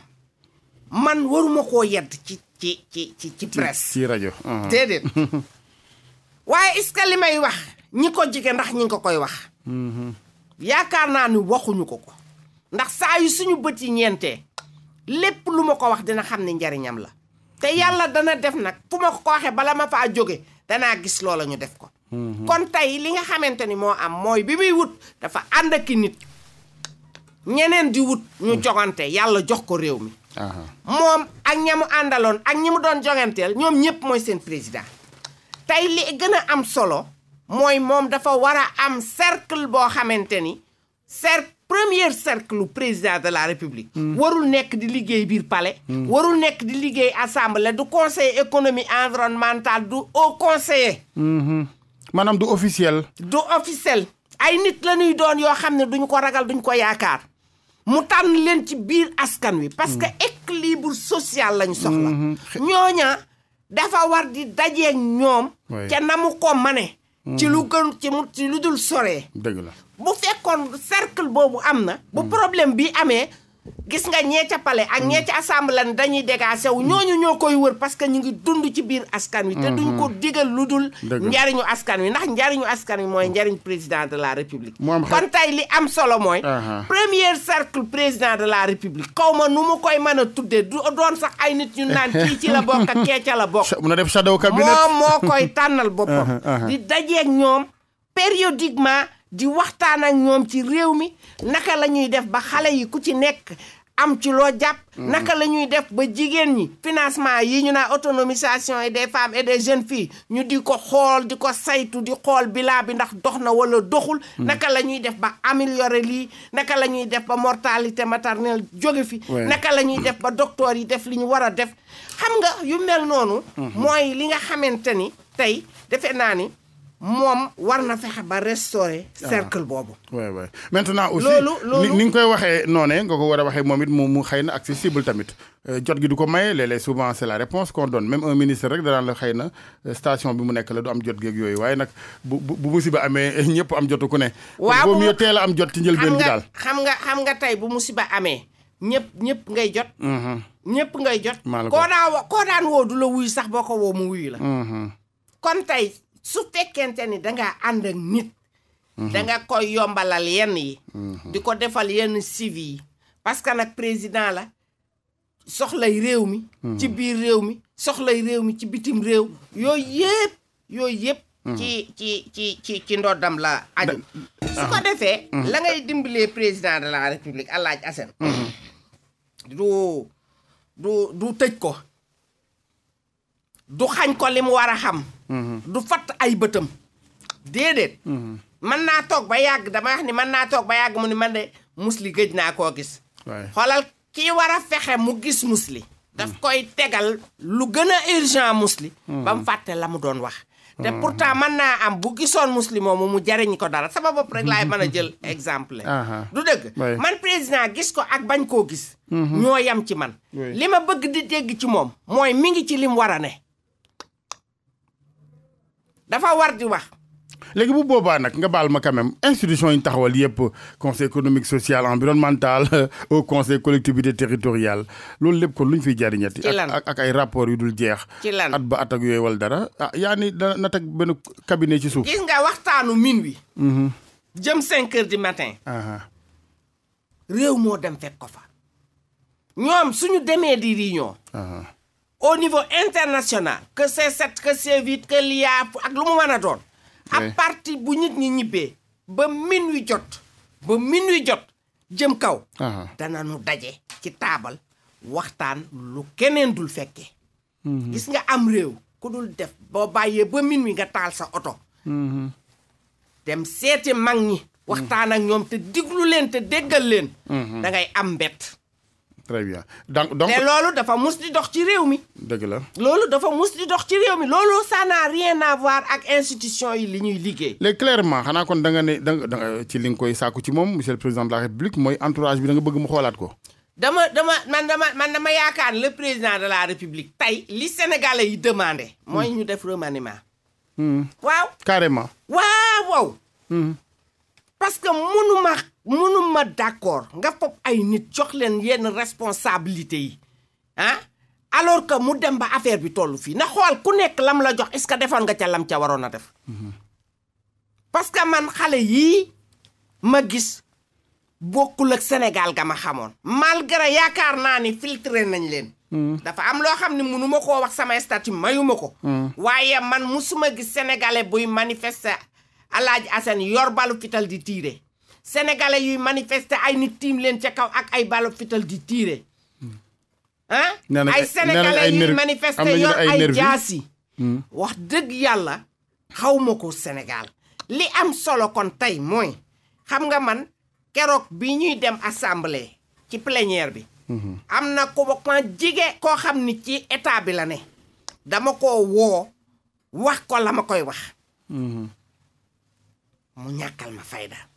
Speaker 2: man waruma koo yedd ci ci ci ci ci presse
Speaker 1: ci rajo mm-hmm.
Speaker 2: waaye est-ce que li may wax ñi ko jige ndax ñi ngi ko koy wax yaakaar naa ni waxuñu ko ko ndax saa yu suñu bët yi ñeentee lépp lu ma ko wax dina xam ne njariñam la te yàlla dana def nag fu ma ko waxee bala ma faa jóge danaa gis loola ñu def ko mhm. kon tey li nga xamante ni moo am mooy bi muy wut dafa ànd ak nit ñeneen di wut ñu mhm. jogante yàlla jox ko réew mi moom ak ña àndaloon ak ñi mu doon joganteel ñoom ñëpp mooy seen président tey li gën a am solo mooy moom dafa war a am cercle boo xamante ni cercle premier cercle président de la république. Hmm. warul nekk di liggéey biir palais. Hmm. warul nekk di liggéey assemblée du conseil économie environnementale du o conseiller. Mm-hmm. maanaam du officiel. du officiel ay nit la ñuy doon yoo xam ne duñu ko ragal duñ ko yaakaar mu tam leen ci biir askan wi. parce que hmm. équilibre social lañ soxla. Mm-hmm. ñooña dafa war di dajeeg ñoom. ca na mu ko mane ci lu gën ci ci lu dul sore dëgg la bu fekkoon cercle boobu am na. bu mm. problème bi amee gis nga ñee ca palais ak ñee ca assemblée dañuy dégagé wu ñooñu ñoo koy wër parce que ñu ngi dund ci biir askan wi. te mhm. duñ ko digal lu dul. njariñu askan wi ndax njariñu askan wi mooy njariñ président de la république. kon tey li am solo mooy. premier cercle président de la république. kaw ma nu mu koy mën a tuddee du doon sax ay nit ñu naan kii ci la bokk ak la bokk.
Speaker 1: mun na def shadow moom moo koy
Speaker 2: tànnal boppam. di dajeeg ñoom périodiquement. di waxtaan ak ñoom ci réew mi naka la ñuy def ba xale yi ku ci nekk am ci loo jàpp. Mm-hmm. naka la ñuy def ba jigéen ñi. financement yi ñu naa naan yi des femmes et des jeunes fii ñu di ko xool di ko saytu di xool bilan bi ndax dox na wala doxul. Mm-hmm. naka la ñuy def ba améliorer lii naka la ñuy def ba mortalité maternelle jóge fi. naka la ñuy def ba docteur yi def li ñu war a def. xam nga yu mel noonu. Mm-hmm. mooy li nga xamante ni tey defe naa ni. moom war na fexe ba restaurer ah. cercle boobu.
Speaker 1: waaw waaw maintenant aussi loolu ni nga koy waxee noonee nga ko war a waxee moom it moom mu xëy na ak accessible tamit. Euh, jot gi du ko maye léeg-léeg souvent c' la réponse qu'on donne même un ministre rek danaan la xay na euh, station bi mu nekk la du am jot geeg yooyu waaye nag bu bu musiba amee ñëpp am jotu ko ne. waaw boo teel a am jot ci njëlbeen bi daal.
Speaker 2: xam nga xam nga tey bu musiba amee. ñëpp ñëpp ngay jot. Mm-hmm. ñëpp ngay jot. koo daan woo koo daan woo du la wuy sax boo ko woo mu wuyu la. Mm-hmm. kon tey su fekkente ni dangaa ànd ak nit mhm. danga koy yombalal yenn yi mhm. di ko defal yenn civi yi parce que nag président la soxlay réew mi mhm. ci biir réew mi soxlay réew mi ci bitim réew yooyu yëpp yooyu yëpp ci ci ci ci ci ndoddam la aju su ko ah. defee la ngay dimbalee président de la république Alaaji du du tëj ko du xañ ko li mu war a xam du fatt ay bëtam déedéet man naa toog ba yàgg dama wax ni man naa toog ba yàgg mu ni man de musli gëj naa koo gis xoolal kii war a fexe mu gis musli daf koy tegal lu gën a urgent musli ba mu fàtte la mu doon wax te mm. pourtant mën naa am bu gisoon muslim moomu mu jariñ ko dara sama bopp rek laay mën a jël exemple du dëgg man président gis ko ak bañ koo gis mm-hmm. ñoo yam ci man li ma bëgg di dégg ci moom mooy mi ngi ci lim war a ne dafa war di wax.
Speaker 1: léegi bu boobaa nag nga baal ma quand même institution yi taxawal yëpp conseil économique social environnemental au conseil collectivité territoriale loolu lépp ko lu ñu fiy jariñati ak ak ay rapports yu dul jeex. ci lan at ba at ak yooyu wala dara a ah, yaa ni da na teg benn cabinet ci suuf. gis
Speaker 2: nga waxtaanu minuit. Mm-hmm. jëm 5 heures réew moo dem fekk ko fa. ñoom suñu demee di réunion. au niveau international que C7 que C8 que ak lu mu mën a doon à partir bu nit ñi ñibbee ba minuit jot ba minuit jot jëm kaw dana nu daje ci taabal waxtaan lu keneen dul fekke mhm. gis nga am réew ku dul def boo bàyyee ba minuit nga taal sa oto mhm. dem seete mag ñi waxtaan ak ñoom te diglu leen te déggal leen mhm. da ngay am mbett très bien donc donc te loolu dafa mus di dox ci réew mi. loolu dafa mus rien à ak institution yi li ñuy liggéey.
Speaker 1: léegi clairement xanaa kon da nga ne da nga ci li nga koy sàkku ci moom monsieur le président de la république mooy entourage bi da bëgg mu xoolaat ko.
Speaker 2: dama dama man dama yaakaar le président de la république tey li sénégalais yi demandé. mooy hmm. ñu def remaniement. Hmm. waaw carrément. waaw waaw. Hmm. parce mënuma ma d'accord nga fopp ay nit jox leen yenn responsabilité yi ah alors que mu dem ba affaire bi toll fii na xool ku nekk lam la jox est-ce que defoon nga ca lam ca waroon a def mhm. parce que man xale yii ma gis bokkul ak Sénégal ga ma xamoon malgré yaakaar naa ni filtré nañ leen mhm. dafa am loo xam ne mënuma koo wax sama statut mayuma ko mhm. waaye man mu su ma gis sénégalais buy manifester Alaaji Assane yor balu fital di tiire sénégalais yuy manifester ay nit tiim leen ca kaw ak ay balo fital di tiire hmm. ah ay sénégalais yuy manifester yoon ay jaas yi hmm. wax dëgg yàlla xawma ko Sénégal li am solo kon tey mooy xam nga man keroog bi ñuy dem assemblée ci plénière bi hmm. am na ku ma jige koo xam ni ci état bi la ne dama ko woo wax ko la ma koy wax mu ñàkkal ma fayda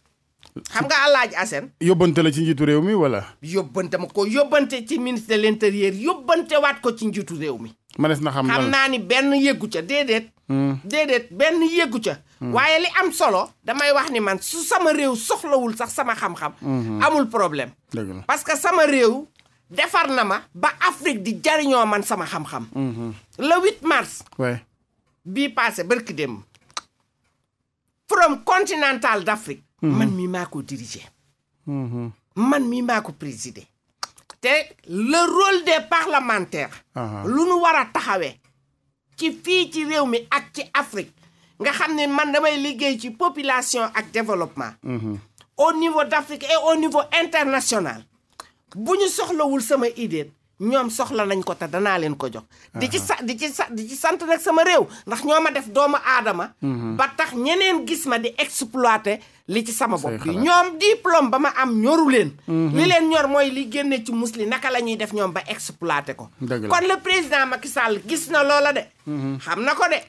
Speaker 2: xam nga Alaaji Assane
Speaker 1: yóbbante la ci njiitu réew mi wala
Speaker 2: yóbbante ma ko yóbbante ci ministre de l'intérieur yóbbante waat ko ci njiitu réew mi manes na xam xam naa ni benn yëggu ca déedéet hmm. déedéet benn yëggu ca hmm. waaye li am solo damay wax ni man su sama réew soxlawul sax sama xam-xam hmm. amul problème parce que sama réew defar na ma ba Afrique di jariñoo man sama xam-xam le 8 mars bii passé barki démb forum continental d'Afrique Mm-hmm. man mii maa ko diriger. Mm-hmm. man mii maa ko présider. te le rôle des parlementaires. Uh-huh. lu nu war a taxawee. ci fii ci réew mi ak ci Afrique nga xam ne man damay liggéey ci population ak développement. Mm-hmm. au niveau d'Afrique et au niveau international. bu ñu soxlawul sama idée. ñoom soxla nañ ko te danaa leen ko jox. di ci sa di ci sa di ci sant nag sama réew ndax ñoo ma def doomu aadama. Mhm. ba tax ñeneen gis ma di exploité li ci sama bopp bi ñoom diplôme ba ma am ñoru leen. Mhm. li leen ñor mooy li génne ci musli naka la ñuy def ñoom ba exploité ko. kon le président Macky Sall gis na loola de. Mhm. xam na ko de.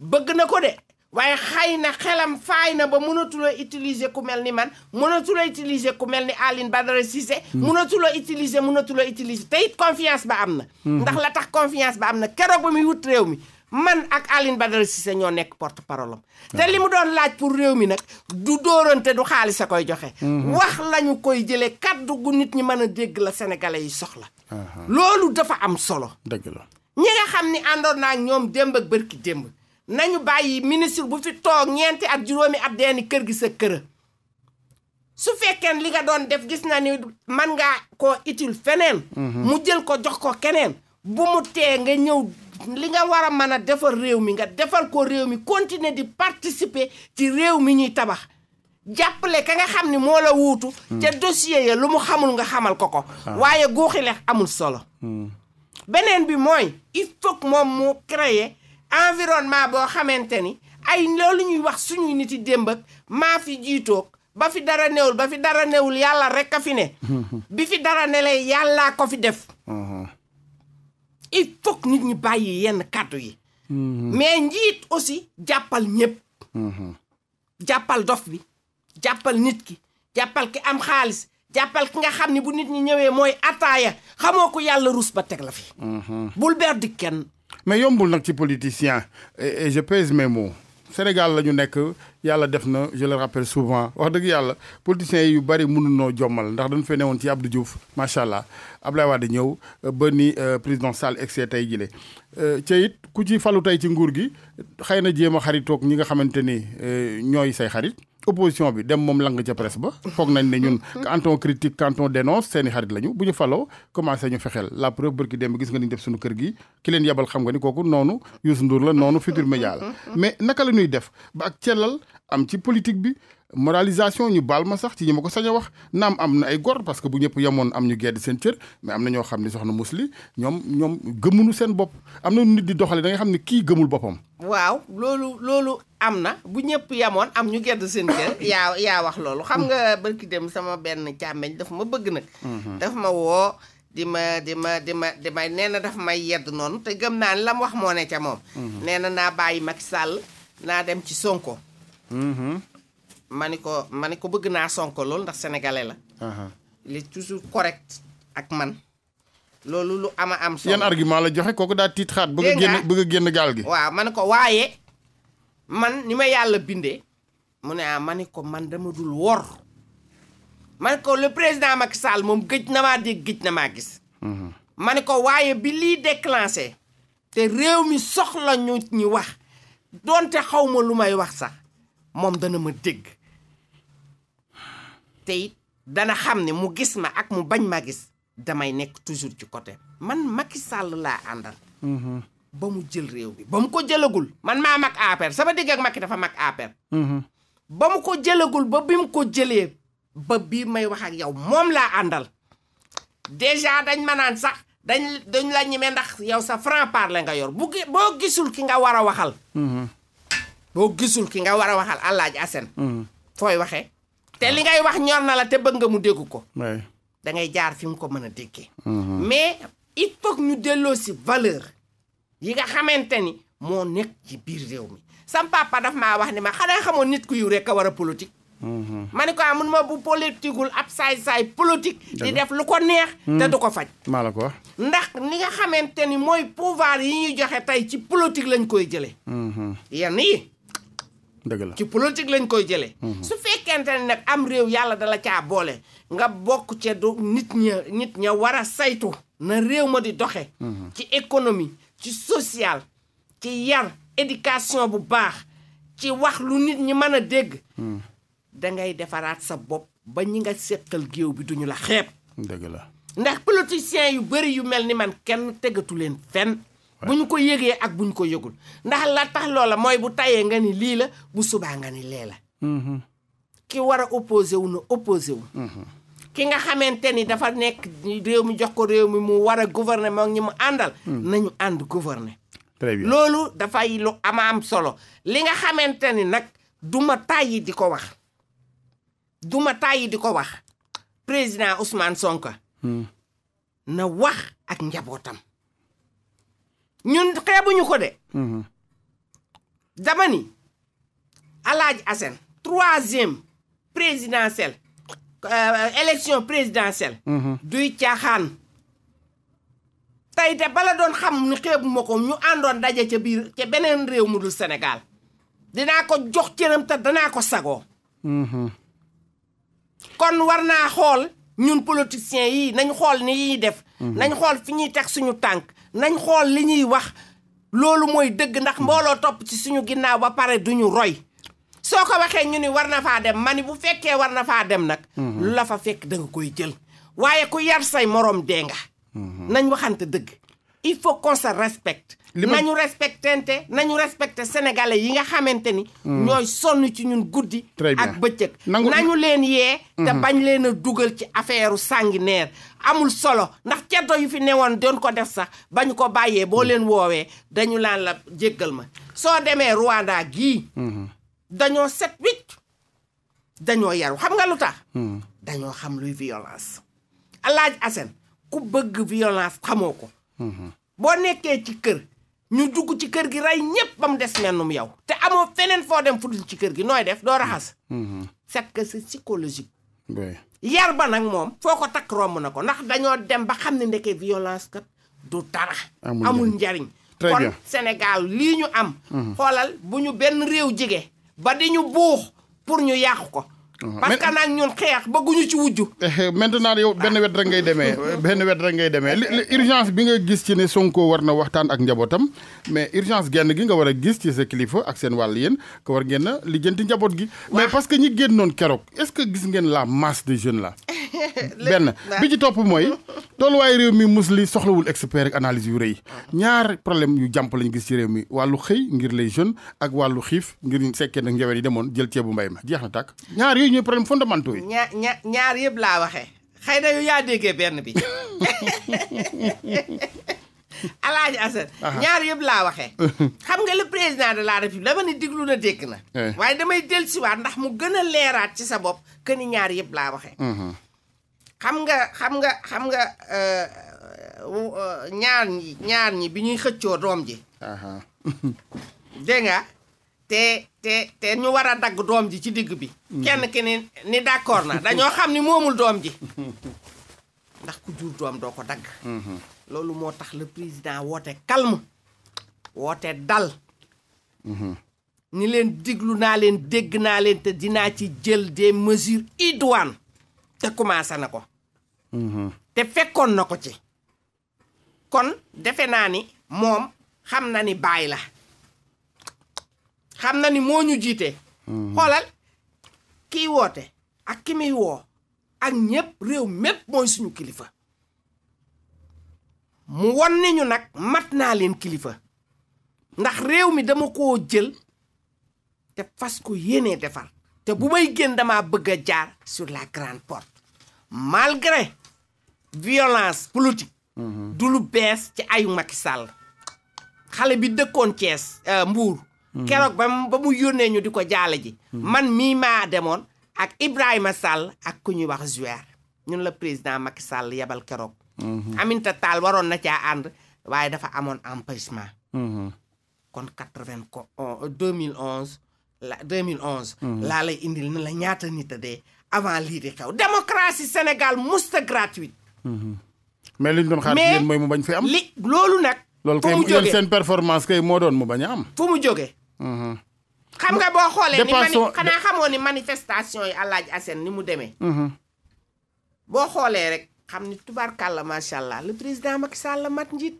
Speaker 2: bëgg na ko de. waaye xay na xelam faay na ba mënatuloo utiliser ku mel ni man mënatuloo utiliser ku mel ni Aline Badara Cissé hmm. mënatuloo utiliser mënatuloo utiliser te it confiance ba am na hmm. ndax la tax confiance ba am na keroog ba muy wut réew mi man ak Aline Badara Cissé ñoo nekk porte parole hmm. te li mu doon laaj pour réew mi nag du dóorante du xaalis a koy joxe wax lañu koy jëlee kaddu gu nit ñi mën a dégg la sénégalais yi soxla loolu dafa am solo dëgg la ñi nga xam ni àndoon naa ñoom démb ak bërki démb nañu bàyyi ministre bu fi toog ñeenti at juróomi at deeni kër gi sa kër su fekkee li nga doon def gis na ni man ngaa ko utile feneen mhm. mu jël ko jox ko keneen bu mu tee nga ñëw li nga war a mën a defar réew mi nga defal ko réew mi continuer di participer ci réew mi ñuy tabax jàppale ka nga xam ni moo la wuutu mhm. ca dossier ya lu mu xamul nga xamal ko ko ah. waaye guuxi lex amul solo hmm. beneen bi mooy il faut que moom mu créer environnement boo xamante ni ay loolu ñuy wax suñuy nit yi démb maa fi jiitoog ba fi dara newul ba fi dara newul yàlla rek a fi ne. bi fi dara ne lay yàllaa ko fi def. Uh-huh. il faut nit ñi bàyyi yenn kàddu yi.
Speaker 3: Mm-hmm. mais
Speaker 2: njiit aussi jàppal ñëpp. Mm-hmm. jàppal dof bi jàppal nit ki jàppal ki am xaalis jàppal ki nga xam ni bu nit ñi ñëwee mooy ataaya xamoo ko yàlla rus ba teg la fi. Mm-hmm. bul ber di kenn.
Speaker 1: mais yombul nag ci politicien et je pèse mes mots Sénégal la ñu nekk yàlla def na je le rappelle souvent wax dëgg yàlla politiciens yu bari bëri noo jommal ndax dañu fee newoon ci Abdou Diouf macha allah Ablaye Wade ñëw euh, ba ni euh, président Sall egg tey jile. Euh, ca it ku ci falu tey ci nguur gi xëy na jéem a xaritoog ñi nga xamante ni ñooy say xarit. opposition bi dem moom lang ca presse ba foog nañ ne ñun quand on critique quand on dénonce seen xarit lañu bu ñu faloo commencé ñu fexeel la preuve bërki dem gis nga ni def suñu kër gi ki leen yebal xam nga ni kooku noonu Youssou Ndour la noonu Futurs Médias la mais naka la ñuy def ba ak cellal am ci politique bi moralisation ñu baal ma sax ci ñi ma ko sañ a wax naa am na ay gor parce que bu ñëpp yemoon am ñu gedd seen cër mais am na ñoo xam ne soxna Mously ñoom ñoom gëmunu seen bopp am na nit di doxale da nga xam ne kii gëmul boppam.
Speaker 2: waaw loolu loolu am na bu ñëpp yemoon am ñu gedd seen kër yaa yaa wax loolu xam nga barki dem sama benn càmmeñ daf ma bëgg nag mhm. daf ma woo di ma di ma di ma di may nee na daf may yedd noonu te gëm naa ne la wax moo ne ca moom mhm. nee na naa bàyyi Macky Sall naa dem ci Sonko mhm. ma ni ko ma ni ko bëgg naa Sonko loolu ndax sénégalais la. il est toujours correct ak man. loolu lu ama am solo yan argument
Speaker 1: la joxe kooku daal tiit xaat. bëgg a génn bëgg a génn gaal gi.
Speaker 2: waaw ma ne ko waaye man ni ma yàlla bindee mu ne ah ma ne ko man dama dul wor. ma ne ko le président Macky Sall moom gëj na maa dégg gëj na maa gis. Mhm. ma ne ko waaye bi lii déclenché. te réew mi soxla ñu ñi wax doonte xaw ma lu may wax sax moom dana ma dégg. te dana xam ne mu gis ma ak mu bañ ma gis damay nekk toujours ci côté man Macky sàll laa àndal mm-hmm. ba mu jël réew bi ba mu ko jëlagul man maa mag APR sama digg ak Macky dafa mag APR mm-hmm. ba mu ko jëlagul ba bi mu ko jëlee ba bii may wax ak yow moom laa àndal déjà dañ ma naan sax dañ dañ la ñemee ndax yow sa franc parler nga yor bu boo gisul ki nga war a waxal mm-hmm. boo gisul ki nga war a waxal Alaaji Asen fooy waxee te li ngay wax ñor na la te bëgg nga mu dégg ko. da ngay jaar fi mu ko mën a déggee. Mhm. mais il faut ñu delloo si valeur yi nga xamante ni moo nekk ci biir réew mi sam papa maa wax ni ma xanaa xamoon nit ku yiw rek a war a politique. Mhm. ma ne ko ah, mun ma bu politigul ab saay-saay politique. di def lu ko neex. te mhm. du ko faj. maa la ko wax. ndax ni nga xamante ni mooy pouvoir yi ñuy joxe tey ci politique lañ koy jëlee. yen yi. dëgg ci politique lañ koy jëlee. Mhm. su fekkente ne nag am réew yàlla dala caa boole. nga bokk cee du nit ña nit ña war a saytu. na réew ma di doxe mhm. ci économie ci social ci yar éducation bu baax ci wax lu nit ñi mën a dégg. Mhm. da ngay defaraat sa bopp ba ñi nga seqal géew bi duñu la xeeb. dëgg ndax politiciens yu bari yu mel ni man kenn tegatu leen fenn. bu ñu ko yëgee ak bu ñu ko yëgul ndax la tax loola mooy bu tayee nga ni lii la bu subaa nga ni lee la mm-hmm. ki war a opposé wu na opposé wu mm-hmm. ki nga xamante ni dafa nekk réew mi jox ko réew mi mu war a gouverner ñi mu àndal mm. nañu ànd gouverner très bien loolu dafay lu ama solo li nga xamante ni nag duma tàyyi di ko wax duma tàyyi di ko wax président Ousmane Sonko mm. na wax ak njabootam ñun xeebuñu ko de. Mhm. dama ni Alaaji Assane troisième présidentielle euh, élection présidentielle. Mhm. duy caaxaan. tey te bala doon xam ni xeebuma ko ñu àndoon daje ca biir ca beneen réew mu dul Sénégal dinaa ko jox cëram te danaa ko sagoo. Mhm. kon war naa xool ñun politiciens yi nañu xool ni ñuy def. nañu xool fu ñuy teg suñu tànk. nañ xool li ñuy wax loolu mooy dëgg ndax hmm. mbooloo topp ci suñu ginnaaw ba pare du ñu roy soo ko waxee ñu ni war na faa dem ma ni bu fekkee war na faa dem nag hmm. lu la fa fekk danga koy jël waaye ku yar say morom dee nga hmm. nañ waxante dëgg il faut qu'on se respecte nañu respectente nañu respecté sénégalais yi nga xamante ni mm. ñooy sonn ci ñun guddi ak bëccëg nañu leen yee te mm-hmm. bañ leen a dugal ci affaire sanguinaire amul solo ndax ceddo yu fi newoon doon ko def sax bañu ko bàyyee boo mm. leen woowee dañu laan la jékkal ma soo demee Rwanda gi mm-hmm. dañoo set wicc dañoo yaru xam nga lu tax mm. dañoo xam luy violence alaaj Assane ku bëgg violence xamoo ko boo nekkee ci kër ñu dugg ci kër gi rey ñëpp ba mu des mennum yow te amoo feneen foo dem fu dul ci kër gi nooy def doo raxas mm-hmm. c'est que c'est yar ba nag moom foo ko takk romb na ko ndax dañoo dem ba xam ne ndeke violence kat du dara amul njariñ kon Sénégal lii ñu am mm-hmm. xoolal bu ñu benn réew jege ba di ñu buux pour ñu yàqu ko Uh-huh. parce que nag ñun xeex bëgguñu ci wujju eh, eh, maintenant
Speaker 1: yow benn wet rek ngay demee benn wet rek ngay demee urgence bi nga gis ci ne Sonko war na waxtaan ak njabootam mais urgence genn gi nga war a gis ci sa kilifa ak seen wàll yéen ko war ngeen a lijjanti njaboot gi mais parce que ñi génnoon keroog est-ce que gis ngeen la masse de jeunes la
Speaker 3: benn bi ci
Speaker 1: topp mooy tolluwaay réew mi mus li soxlawul expert ak analyse yu rëy uh-huh. ñaar problème yu jàmp lañ gis ci réew mi wàllu xëy ngir les jeunes ak wàllu xiif ngir sekkee nag njaween yi demoon jël ceebu mbay ma jeex na tàkk yooyu ñooy problème fondamentaux
Speaker 3: yi.
Speaker 2: ñaar ñaar ñaar yëpp laa waxe xëy na yow yaa déggee benn bi. Alaaji Assane. ñaar yëpp laa waxe xam nga la président de la république ni diglu na dégg na. Eh. waaye damay dellusiwaat ndax mu gën a leeraat ci sa bopp que ni ñaar yëpp laa waxe mhm. xam nga xam nga xam nga euh, euh, ñaar ñi ñaar ñi bi ñuy xëccoo doom ji. dégg nga. te te te ñu war a dagg doom ji ci digg bi. Mhm. kenn ki ni ni d'accord na dañoo xam ni moomul doom ji. ndax ku jur doom doo ko dagg. Mhm. loolu moo tax la président woote calme woote dal. Mhm. ni leen diglu naa leen dégg naa leen te dinaa ci jël des mesures idoines te commencé na ko. te fekkoon na ko ci. kon defe naa ni moom xam na ni baay la. xam na ni moo ñu jiite. Hmm. xoolal kiy woote ak ki woo ak ñëpp réew mépp mooy suñu kilifa mu won ni nag mat naa leen kilifa ndax réew mi dama koo jël te fas yéene defar. te bu may génn damaa bëgg a jaar sur la grande porte malgré violence politique. Hmm. du lu bees ci ayu Macky Sall xale bi dëkkoon Thiès euh, mbuur Mm-hmm. keroog ba ba mu yónnee ñu di ko jaale ji mm-hmm. man mii maa demoon ak Ibrahima Sall ak ku ñuy wax Jouer ñun la président Macky sàll yebal keroog
Speaker 3: mm-hmm. aminta
Speaker 2: Tall waroon na caa ànd waaye dafa amoon empêchement kon quatre-vingt ko deux mille onze la deux mille onze laa lay indil na la ñaata nit a dee avant lii di xew démocratie Sénégal musta gratuite
Speaker 1: mais li ñu doon xaar yéen mooy mu bañ fi am li loolu nag loolu kay seen performance kay moo doon mu bañ a am fu mu jógee
Speaker 3: Mm-hmm.
Speaker 2: xam nga boo xoolee. ni mani xanaa xamoo ni manifestation yi Alaaji Assane ni mu demee. Mm-hmm. boo xoolee rek xam ni tubaarkàlla macha allah le président Macky Sall la mat njiit.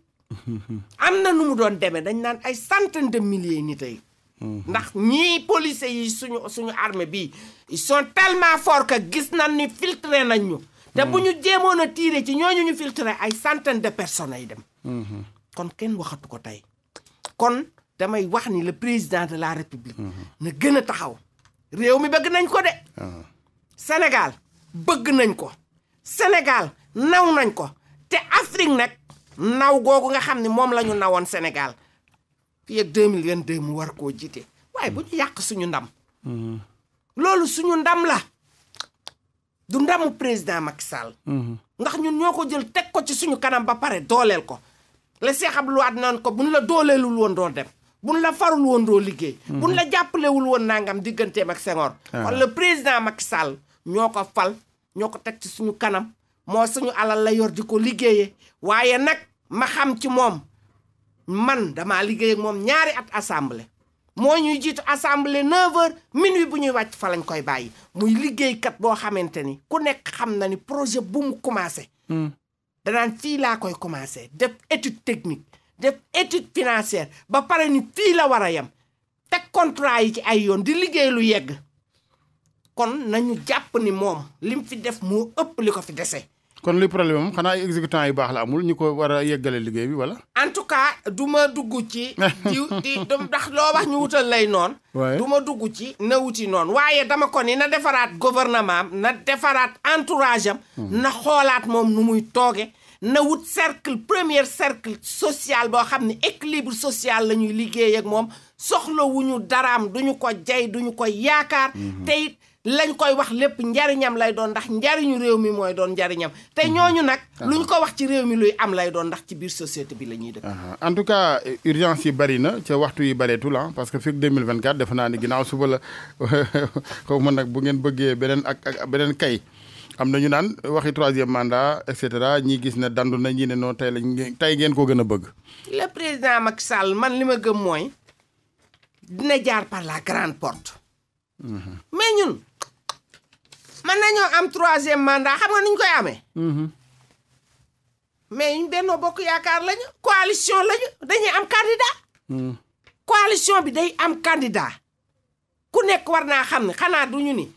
Speaker 2: Mm-hmm. am na nu mu doon demee dañ naan ay centaine de milliers nit yi. ndax ñii policiers yi suñu suñu armée bi ils sont tellement forts que gis nañ ni filtré nañ ñu. te bu ñu jéemoon a tiire ci ñooñu ñu filtré ay centaine de personnes ay dem. kon kenn waxatu ko tey kon. damay wax ni le président de la république. Mhm. na gën a taxaw. réew mi bëgg nañ ko de. Ah. Sénégal bëgg nañ ko. Sénégal naw nañ ko te Afrique nag naw googu nga xam ne moom lañu nawoon Sénégal fii ak deux mille vingt mu war koo jiite waaye bu ñu yàq suñu ndam. Mhm. loolu suñu ndam la du ndamu président Macky Sall. Mhm. ndax ñun ñoo ko jël teg ko ci suñu kanam ba pare dooleel ko. la see xam luwaat naan ko bu ñu la dooleelul woon doo dem. buñ la farul woon doo liggéey. Mhm. buñ la jàppalewul woon nangam digganteem ak Senghor. wala ah. président Macky Sall ñoo ko fal ñoo ko teg ci suñu kanam moo suñu alal la yor di ko liggéeye waaye nag ma xam ci moom man dama liggéey moom ñaari at assemblée. moo ñuy jiitu assemblée 9h minuit bu ñuy wàcc fa lañ koy bàyyi muy liggéeykat boo xamante ni ku nekk xam na ni projet bu mu commencé. Hmm. danaan fii laa koy commencé def étude technique. def étude financière ba pare ni fii la war a yem teg contrat yi ci ay yoon di liggéey lu yegg kon nañu jàpp ni moom lim fi def mu ëpp li ko fi dese. kon li problème am
Speaker 1: xanaa ay yi baax la
Speaker 2: amul ñu ko war
Speaker 1: a yeggale liggéey bi wala.
Speaker 2: en tout cas du ma dugg ci. di di ndax loo wax ñu wutal lay noon du ma dugg ci na wuti noon waaye dama ko ni na defaraat gouvernement am na defaraat entourage am. Mhm. na xoolaat moom nu muy tooge. na wut cercle premier cercle social boo xam ne équilibre social la ñuy liggéey ak moom soxlawuñu dara daraam duñu ko jay duñu ko yaakaar mhm. te it lañ koy wax lépp njariñam lay doon ndax njariñu réew mi mooy doon njariñam te mhm. ñooñu nag luñ ko wax ci réew mi luy am lay doon ndax ci biir société bi la ñuy dëkk
Speaker 1: en tout cas urgence yi bari na ca waxtu yi bareetul ah, parce que fii fekk 2024 defe naa ni ginnaaw suba la ko mën nag bu ngeen bëggee beneen ak beneen kay am na ñu naan waxi troisième mandat et ñii gis ne dandu na ñi ne noonu tey lañ tey ngeen koo gën a bëgg.
Speaker 2: le président Macky Sall man li ma gëm mooy dina jaar par la grande porte. Mhm. mais ñun mën nañoo am troisième mandat xam nga ni ñu koy amee. Mhm. mais ñu Benno Bokk Yaakaar lañu. coalition lañu dañuy am candidat. Mhm. coalition bi day am candidat ku nekk war naa xam ne xanaa du ñu ni.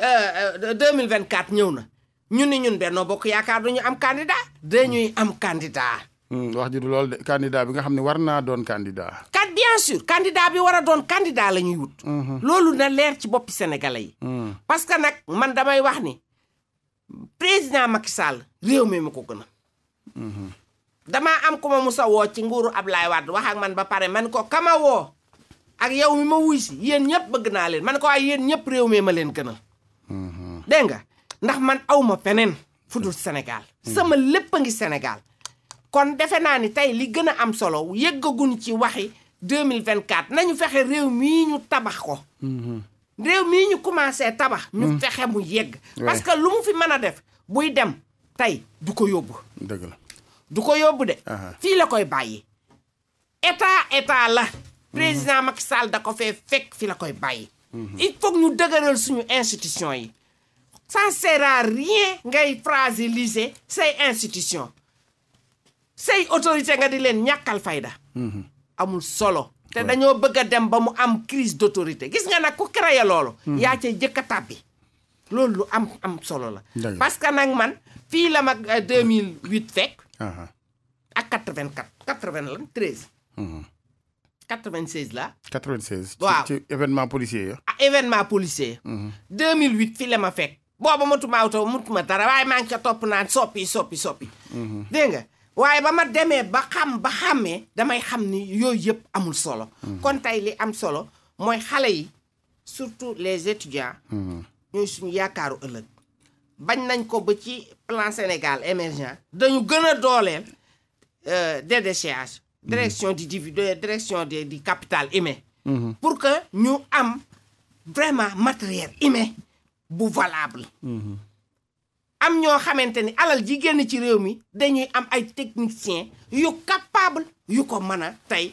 Speaker 2: Euh, euh, deux mille vingt quatre ñëw na ñu ni ñun Benno Bokk Yaakaar du ñu am candidat. dañuy am candidat. Hmm, wax ji du loolu de candidat bi
Speaker 1: nga xam ne war naa doon candidat.
Speaker 2: kat bien sûr candidat bi war a doon candidat la ñuy wut. Hmm. loolu na leer ci boppi sénégalais yi. Hmm. parce que nag man damay wax ni président Macky Sall réew mi ma ko gën damaa am ku ma musa woo ci nguuru ab Wade wax ak man ba pare man ko kama woo ak yow mi ma wuy si yéen ñëpp bëgg naa leen man ko waaye yéen ñëpp réew mi ma leen gënal. dégg nga ndax man awma feneen fu dul Sénégal mm. sama lépp a ngi Sénégal kon defe naa ni tey li gën a am solo yëggaguñ ci waxi 2024 nañu fexe réew mii ñu tabax ko mm-hmm. réew mii ñu commencé tabax ñu mm. fexe mu yegg parce que lu mu fi mën a def buy dem tey du ko yóbbu dëgg du ko yóbbu de fii la koy bàyyi état état la mm-hmm. président Macky Sall da ko fee fekk fi la koy bàyyi Mm-hmm. il faut ñu dëgëral suñu institution yi ça sert à rien ngay lise say institution sey autorité nga di leen ñàkkal fayda mm-hmm. amul solo te dañoo bëgg a dem ba mu am crise d'autorité gis nga nag ku créé loolu mm-hmm. yaa cay jëkk a loolu lu am am solo la parce que nag man fii la mag 2008 euh, fekk uh-huh. ak 84 quatre vingt lan treize 96 la.
Speaker 1: 96. waaw ci événement policier ya. ah
Speaker 2: événement policier. 2008 mhm. fi la ma fekk. booba mutuma auto mutuma dara waaye maa ngi ca topp naan soppi soppi soppi. Mhm. dégg nga waaye ba ma demee ba xam ba xàmmee damay xam ni yooyu yëpp amul solo. Mhm. kon tey li am solo mooy xale yi surtout les étudiants. ñooy suñu yaakaaru ëllëg. bañ nañ ko ba ci plan Sénégal émergent dañu gën a dooleel euh, dédéchéage Mm-hmm. direction du individu euh, direction de du capital humain mm-hmm. pour que ñu am vraiment matériel humain bu valable mm-hmm. am ñoo xamante ni alal ji génn ci réew mi dañuy am ay techniciens yu capable yu ko mën a tey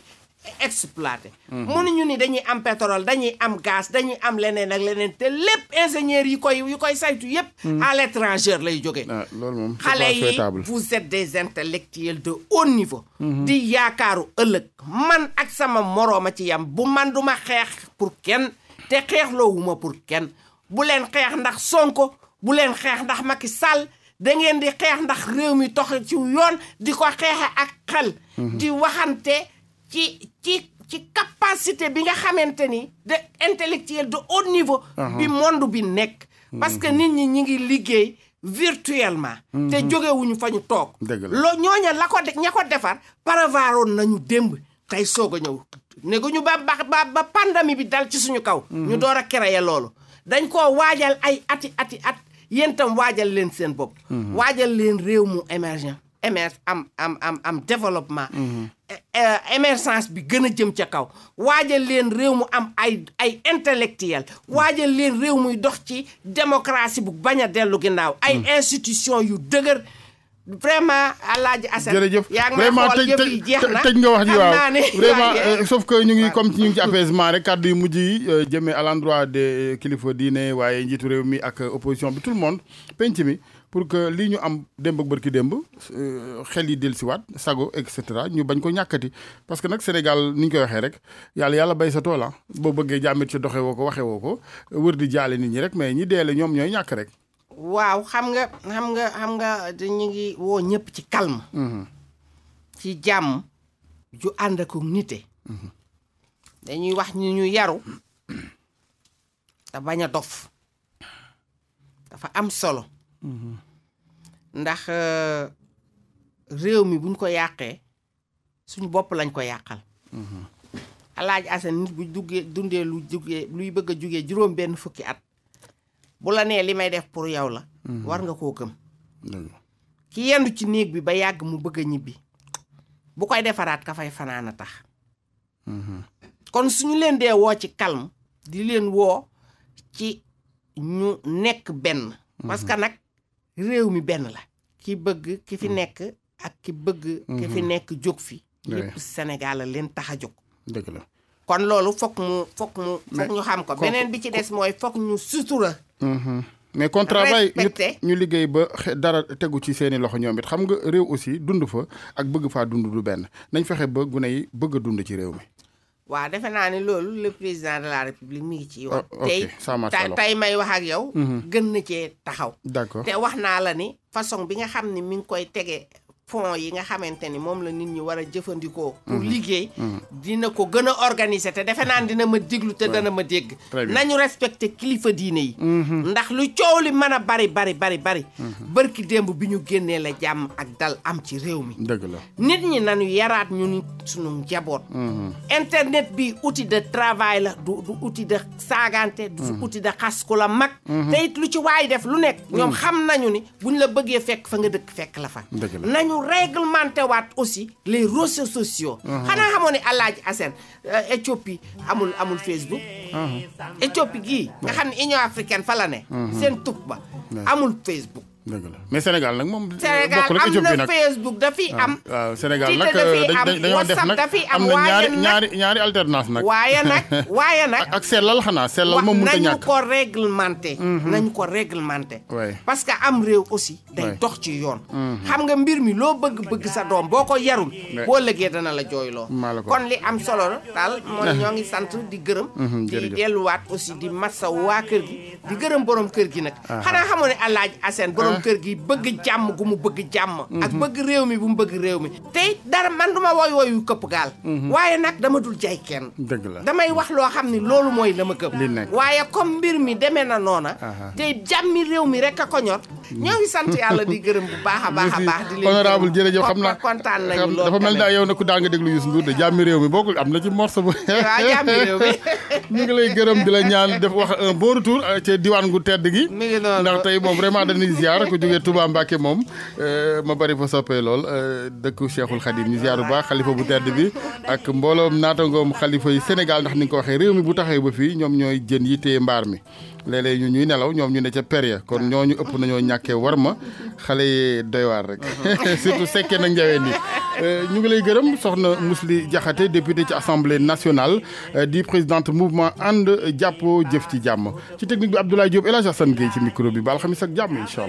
Speaker 2: exploité. ñu ni dañuy am pétrole dañuy am gaz dañuy am leneen ak leneen te lépp ingénieurs yi koy yu koy saytu yépp hmm. à l'étranger lay jógee. Ah, loolu xale yi vous êtes des intellectuels de haut niveau. Hmm. di yaakaaru ëllëg man ak sama morooma ci yam bu man duma xeex pour kenn te xeexloowuma pour kenn bu leen xeex ndax Sonko bu leen xeex ndax Macky Sall. da ngeen di xeex ndax réew mi tox ci yoon di ko xeexe ak xel. Hmm. di waxante. ci ci ci capacité bi nga xamante ni de intellectuel de haut niveau bi monde bi nekk parce que mhm. nit ñi ñi ngi liggéey virtuellement mhm. te jógewuñu fa ñu toog loo ñooña la ko ña ko defar prévoiroon nañu démb tey soog a ñëw neguñu ba ba ba pandami bi dal ci suñu kaw mhm. ñu door a créer loolu dañ koo waajal ay ati ati at yéen waajal leen seen bopp
Speaker 3: waajal
Speaker 2: leen réew mu émergent émer am am am am développement. Mm-hmm. émergence bi gën a jëm ca kaw waajal leen réew mu am ay ay intellectuel waajal leen réew muy dox ci démocratie bu bañ a dellu ginnaaw. ay mm-hmm. institution yu dëgër. vraiment alaaji Assane jërëjëf vraiment tëj tëj nga wax ji waaw vraiment euh,
Speaker 1: sauf que ñu ngi comme ñu ngi ci apaisement rek kàddu yu mujj yi euh, jëmee à l'endroit des euh, kilifa diine waaye njiitu réew mi ak opposition bi tout le monde penc mi pour que lii ñu am démb ak bërki démb euh, xel yi dellusiwaat sago et cetera ñu bañ ko ñàkkati parce que nag Sénégal ni koy waxee rek yàlla yàlla bay sa toola ah. boo bëggee jàmmit ci doxee woo ko waxee woo ko wër di jaale nit ñi rek mais ñi deele ñoom ñooy ñàkk rek.
Speaker 2: waaw xam nga xam nga xam nga ñu ngi woo ñëpp ci calme. Mm-hmm. ci jàmm ju ànd ak nite. Mm-hmm. dañuy wax ñu ñu yaru te bañ a dof dafa am solo. ndax euh, réew mi buñ ko yàqee suñu bopp lañ ko yàqal alaaji asan nit bu duggee dundee lu jugee luy bëgg a jugee juróom benn fukki at bu la nee li may def pour yow la war nga koo gëm ki yendu ci néeg bi ba yàgg mu bëgg a ñibbi bu koy defaraat ka fay fanaan a tax kon suñu leen dee woo ci kalm di leen woo ci ñu nekk benn parce nag réew mi benn la ki bëgg ki fi hmm. nekk ak ki bëgg ki fi hmm. nekk jóg fi lépp Sénégal la leen tax a jóg dëgg la kon loolu foog mu foog mu foog ñu xam ko beneen bi ci des mooy foog ñu sutura
Speaker 1: hmm. mais contrat bay ñu liggéey ba dara tegu ci seeni loxo ñoom it xam nga réew aussi dund fa ak bëgg faa dund du benn nañ fexe ba gune yi bëgg a dund ci réew mi
Speaker 2: waaw defe naa ni loolu le président de la république mi ngi ci yoon. tey tey may wax ak yow. Mhm. gën na cee taxaw. d'accord te wax naa la ni façon bi nga xam ni mi ngi koy tege pont yi nga xamante ni moom la nit ñi war a jëfandikoo. pour mm-hmm. liggéey. Mm-hmm. dina ko gën a organiser te defe naan dina ma déglu te dana ma dégg. nañu respecté kilifa diine yi. Mm-hmm. ndax lu coow li mën a bari bari bari bari. bërki démb bi ñu génnee la jàmm ak dal am ci réew mi. dëgg nit ñi nañu yaraat ñu ñun sunu njaboot. internet bi outil de travail la du du outil de saagante. du outil de xas ku la mag. te lu ci waay def lu nekk. ñoom xam nañu ni buñ la bëggee fekk fa nga dëkk fekk la ñu réglementé waat aussi les réseaux sociaux. Uh-huh. xanaa xamoo ne Alaaji Assane euh, Éthiopie amul amul Facebook. Uh-huh. Éthiopie gii nga xam ne Union africaine fa ne. Uh-huh. seen tukk ba amul Facebook.
Speaker 1: dëgg la mais Sénégal nag moom. Euh, bokkul ak Éthiopie nag Sénégal am na Facebook dafiy ah, am. waaw Sénégal nag euh, am na ñaari ñaari ñaari alternance nag. waaye nag
Speaker 2: waaye nag. ak sellal xanaa sellal moom mënut a ñàkk mhm. nañu ko réglementé. nañu ko réglementé. parce que am réew aussi. day dox ci yoon. Mhm. xam nga mbir mi loo bëgg bëgg sa doom boo ko yarul. boo lëgee dana la jooyloo. kon li am solo la daal mooy ñoo ngi sant di gërëm. Mhm, di delluwaat aussi di massa waa kër gi. di gërëm borom kër gi nag. xanaa xamoo ne Alaaji Aseen borom kër gi bëgg jàmm gu mu bëgg jàmm mhm. ak bëgg réew mi bu mu bëgg réew mi tey dara man du ma wooy wooyu këpp gaal mhm. waaye nag dama dul jay kenn la damay wax loo xam ni loolu mooy la ma këpp waaye comme mbir mi demee na noona tey jàmmi réew mi rek a ko ñor mhm. ñoo ngi sant yàlla di gërëm bu baax a baax a baax di leen honorable jërëjëf kontaan nañu lool dafa mel naa
Speaker 1: yow na ku daa nga déglu Youssou Ndour de jàmmi réew mi bokkul am na ci morceau bu waaw jàmmi réew mi ñu ngi lay gërëm di la ñaan def wax un bon retour euh, ca diwaan gu tedd nag jógee Touba Mbacke moom euh, ma bari fa soppee lool euh, dëkku Cheikhul Khadim ñu ziar bu baax xalifa bu tedd bi ak mbooloom naatangoom xalifa yi Sénégal ndax ni nga ko waxee réew mi bu taxee ba fii ñoom ñooy jën yi mbaar mi léeg ñu ñuy nelaw ñoom ñu ne ca période kon ah. ñooñu ëpp nañoo ñàkkee war ma xale yi doy rek uh-huh. surtout sekkee nag njaween yi euh, ñu ngi lay gërëm soxna Mously Diakhaté député ci assemblée nationale euh, di présidente mouvement ànd jàppoo jëf ci jàmm ci technique bi Abdoulaye Diop El Hadj Assane Gueye ci micro bi ba alxamis ak jàmm incha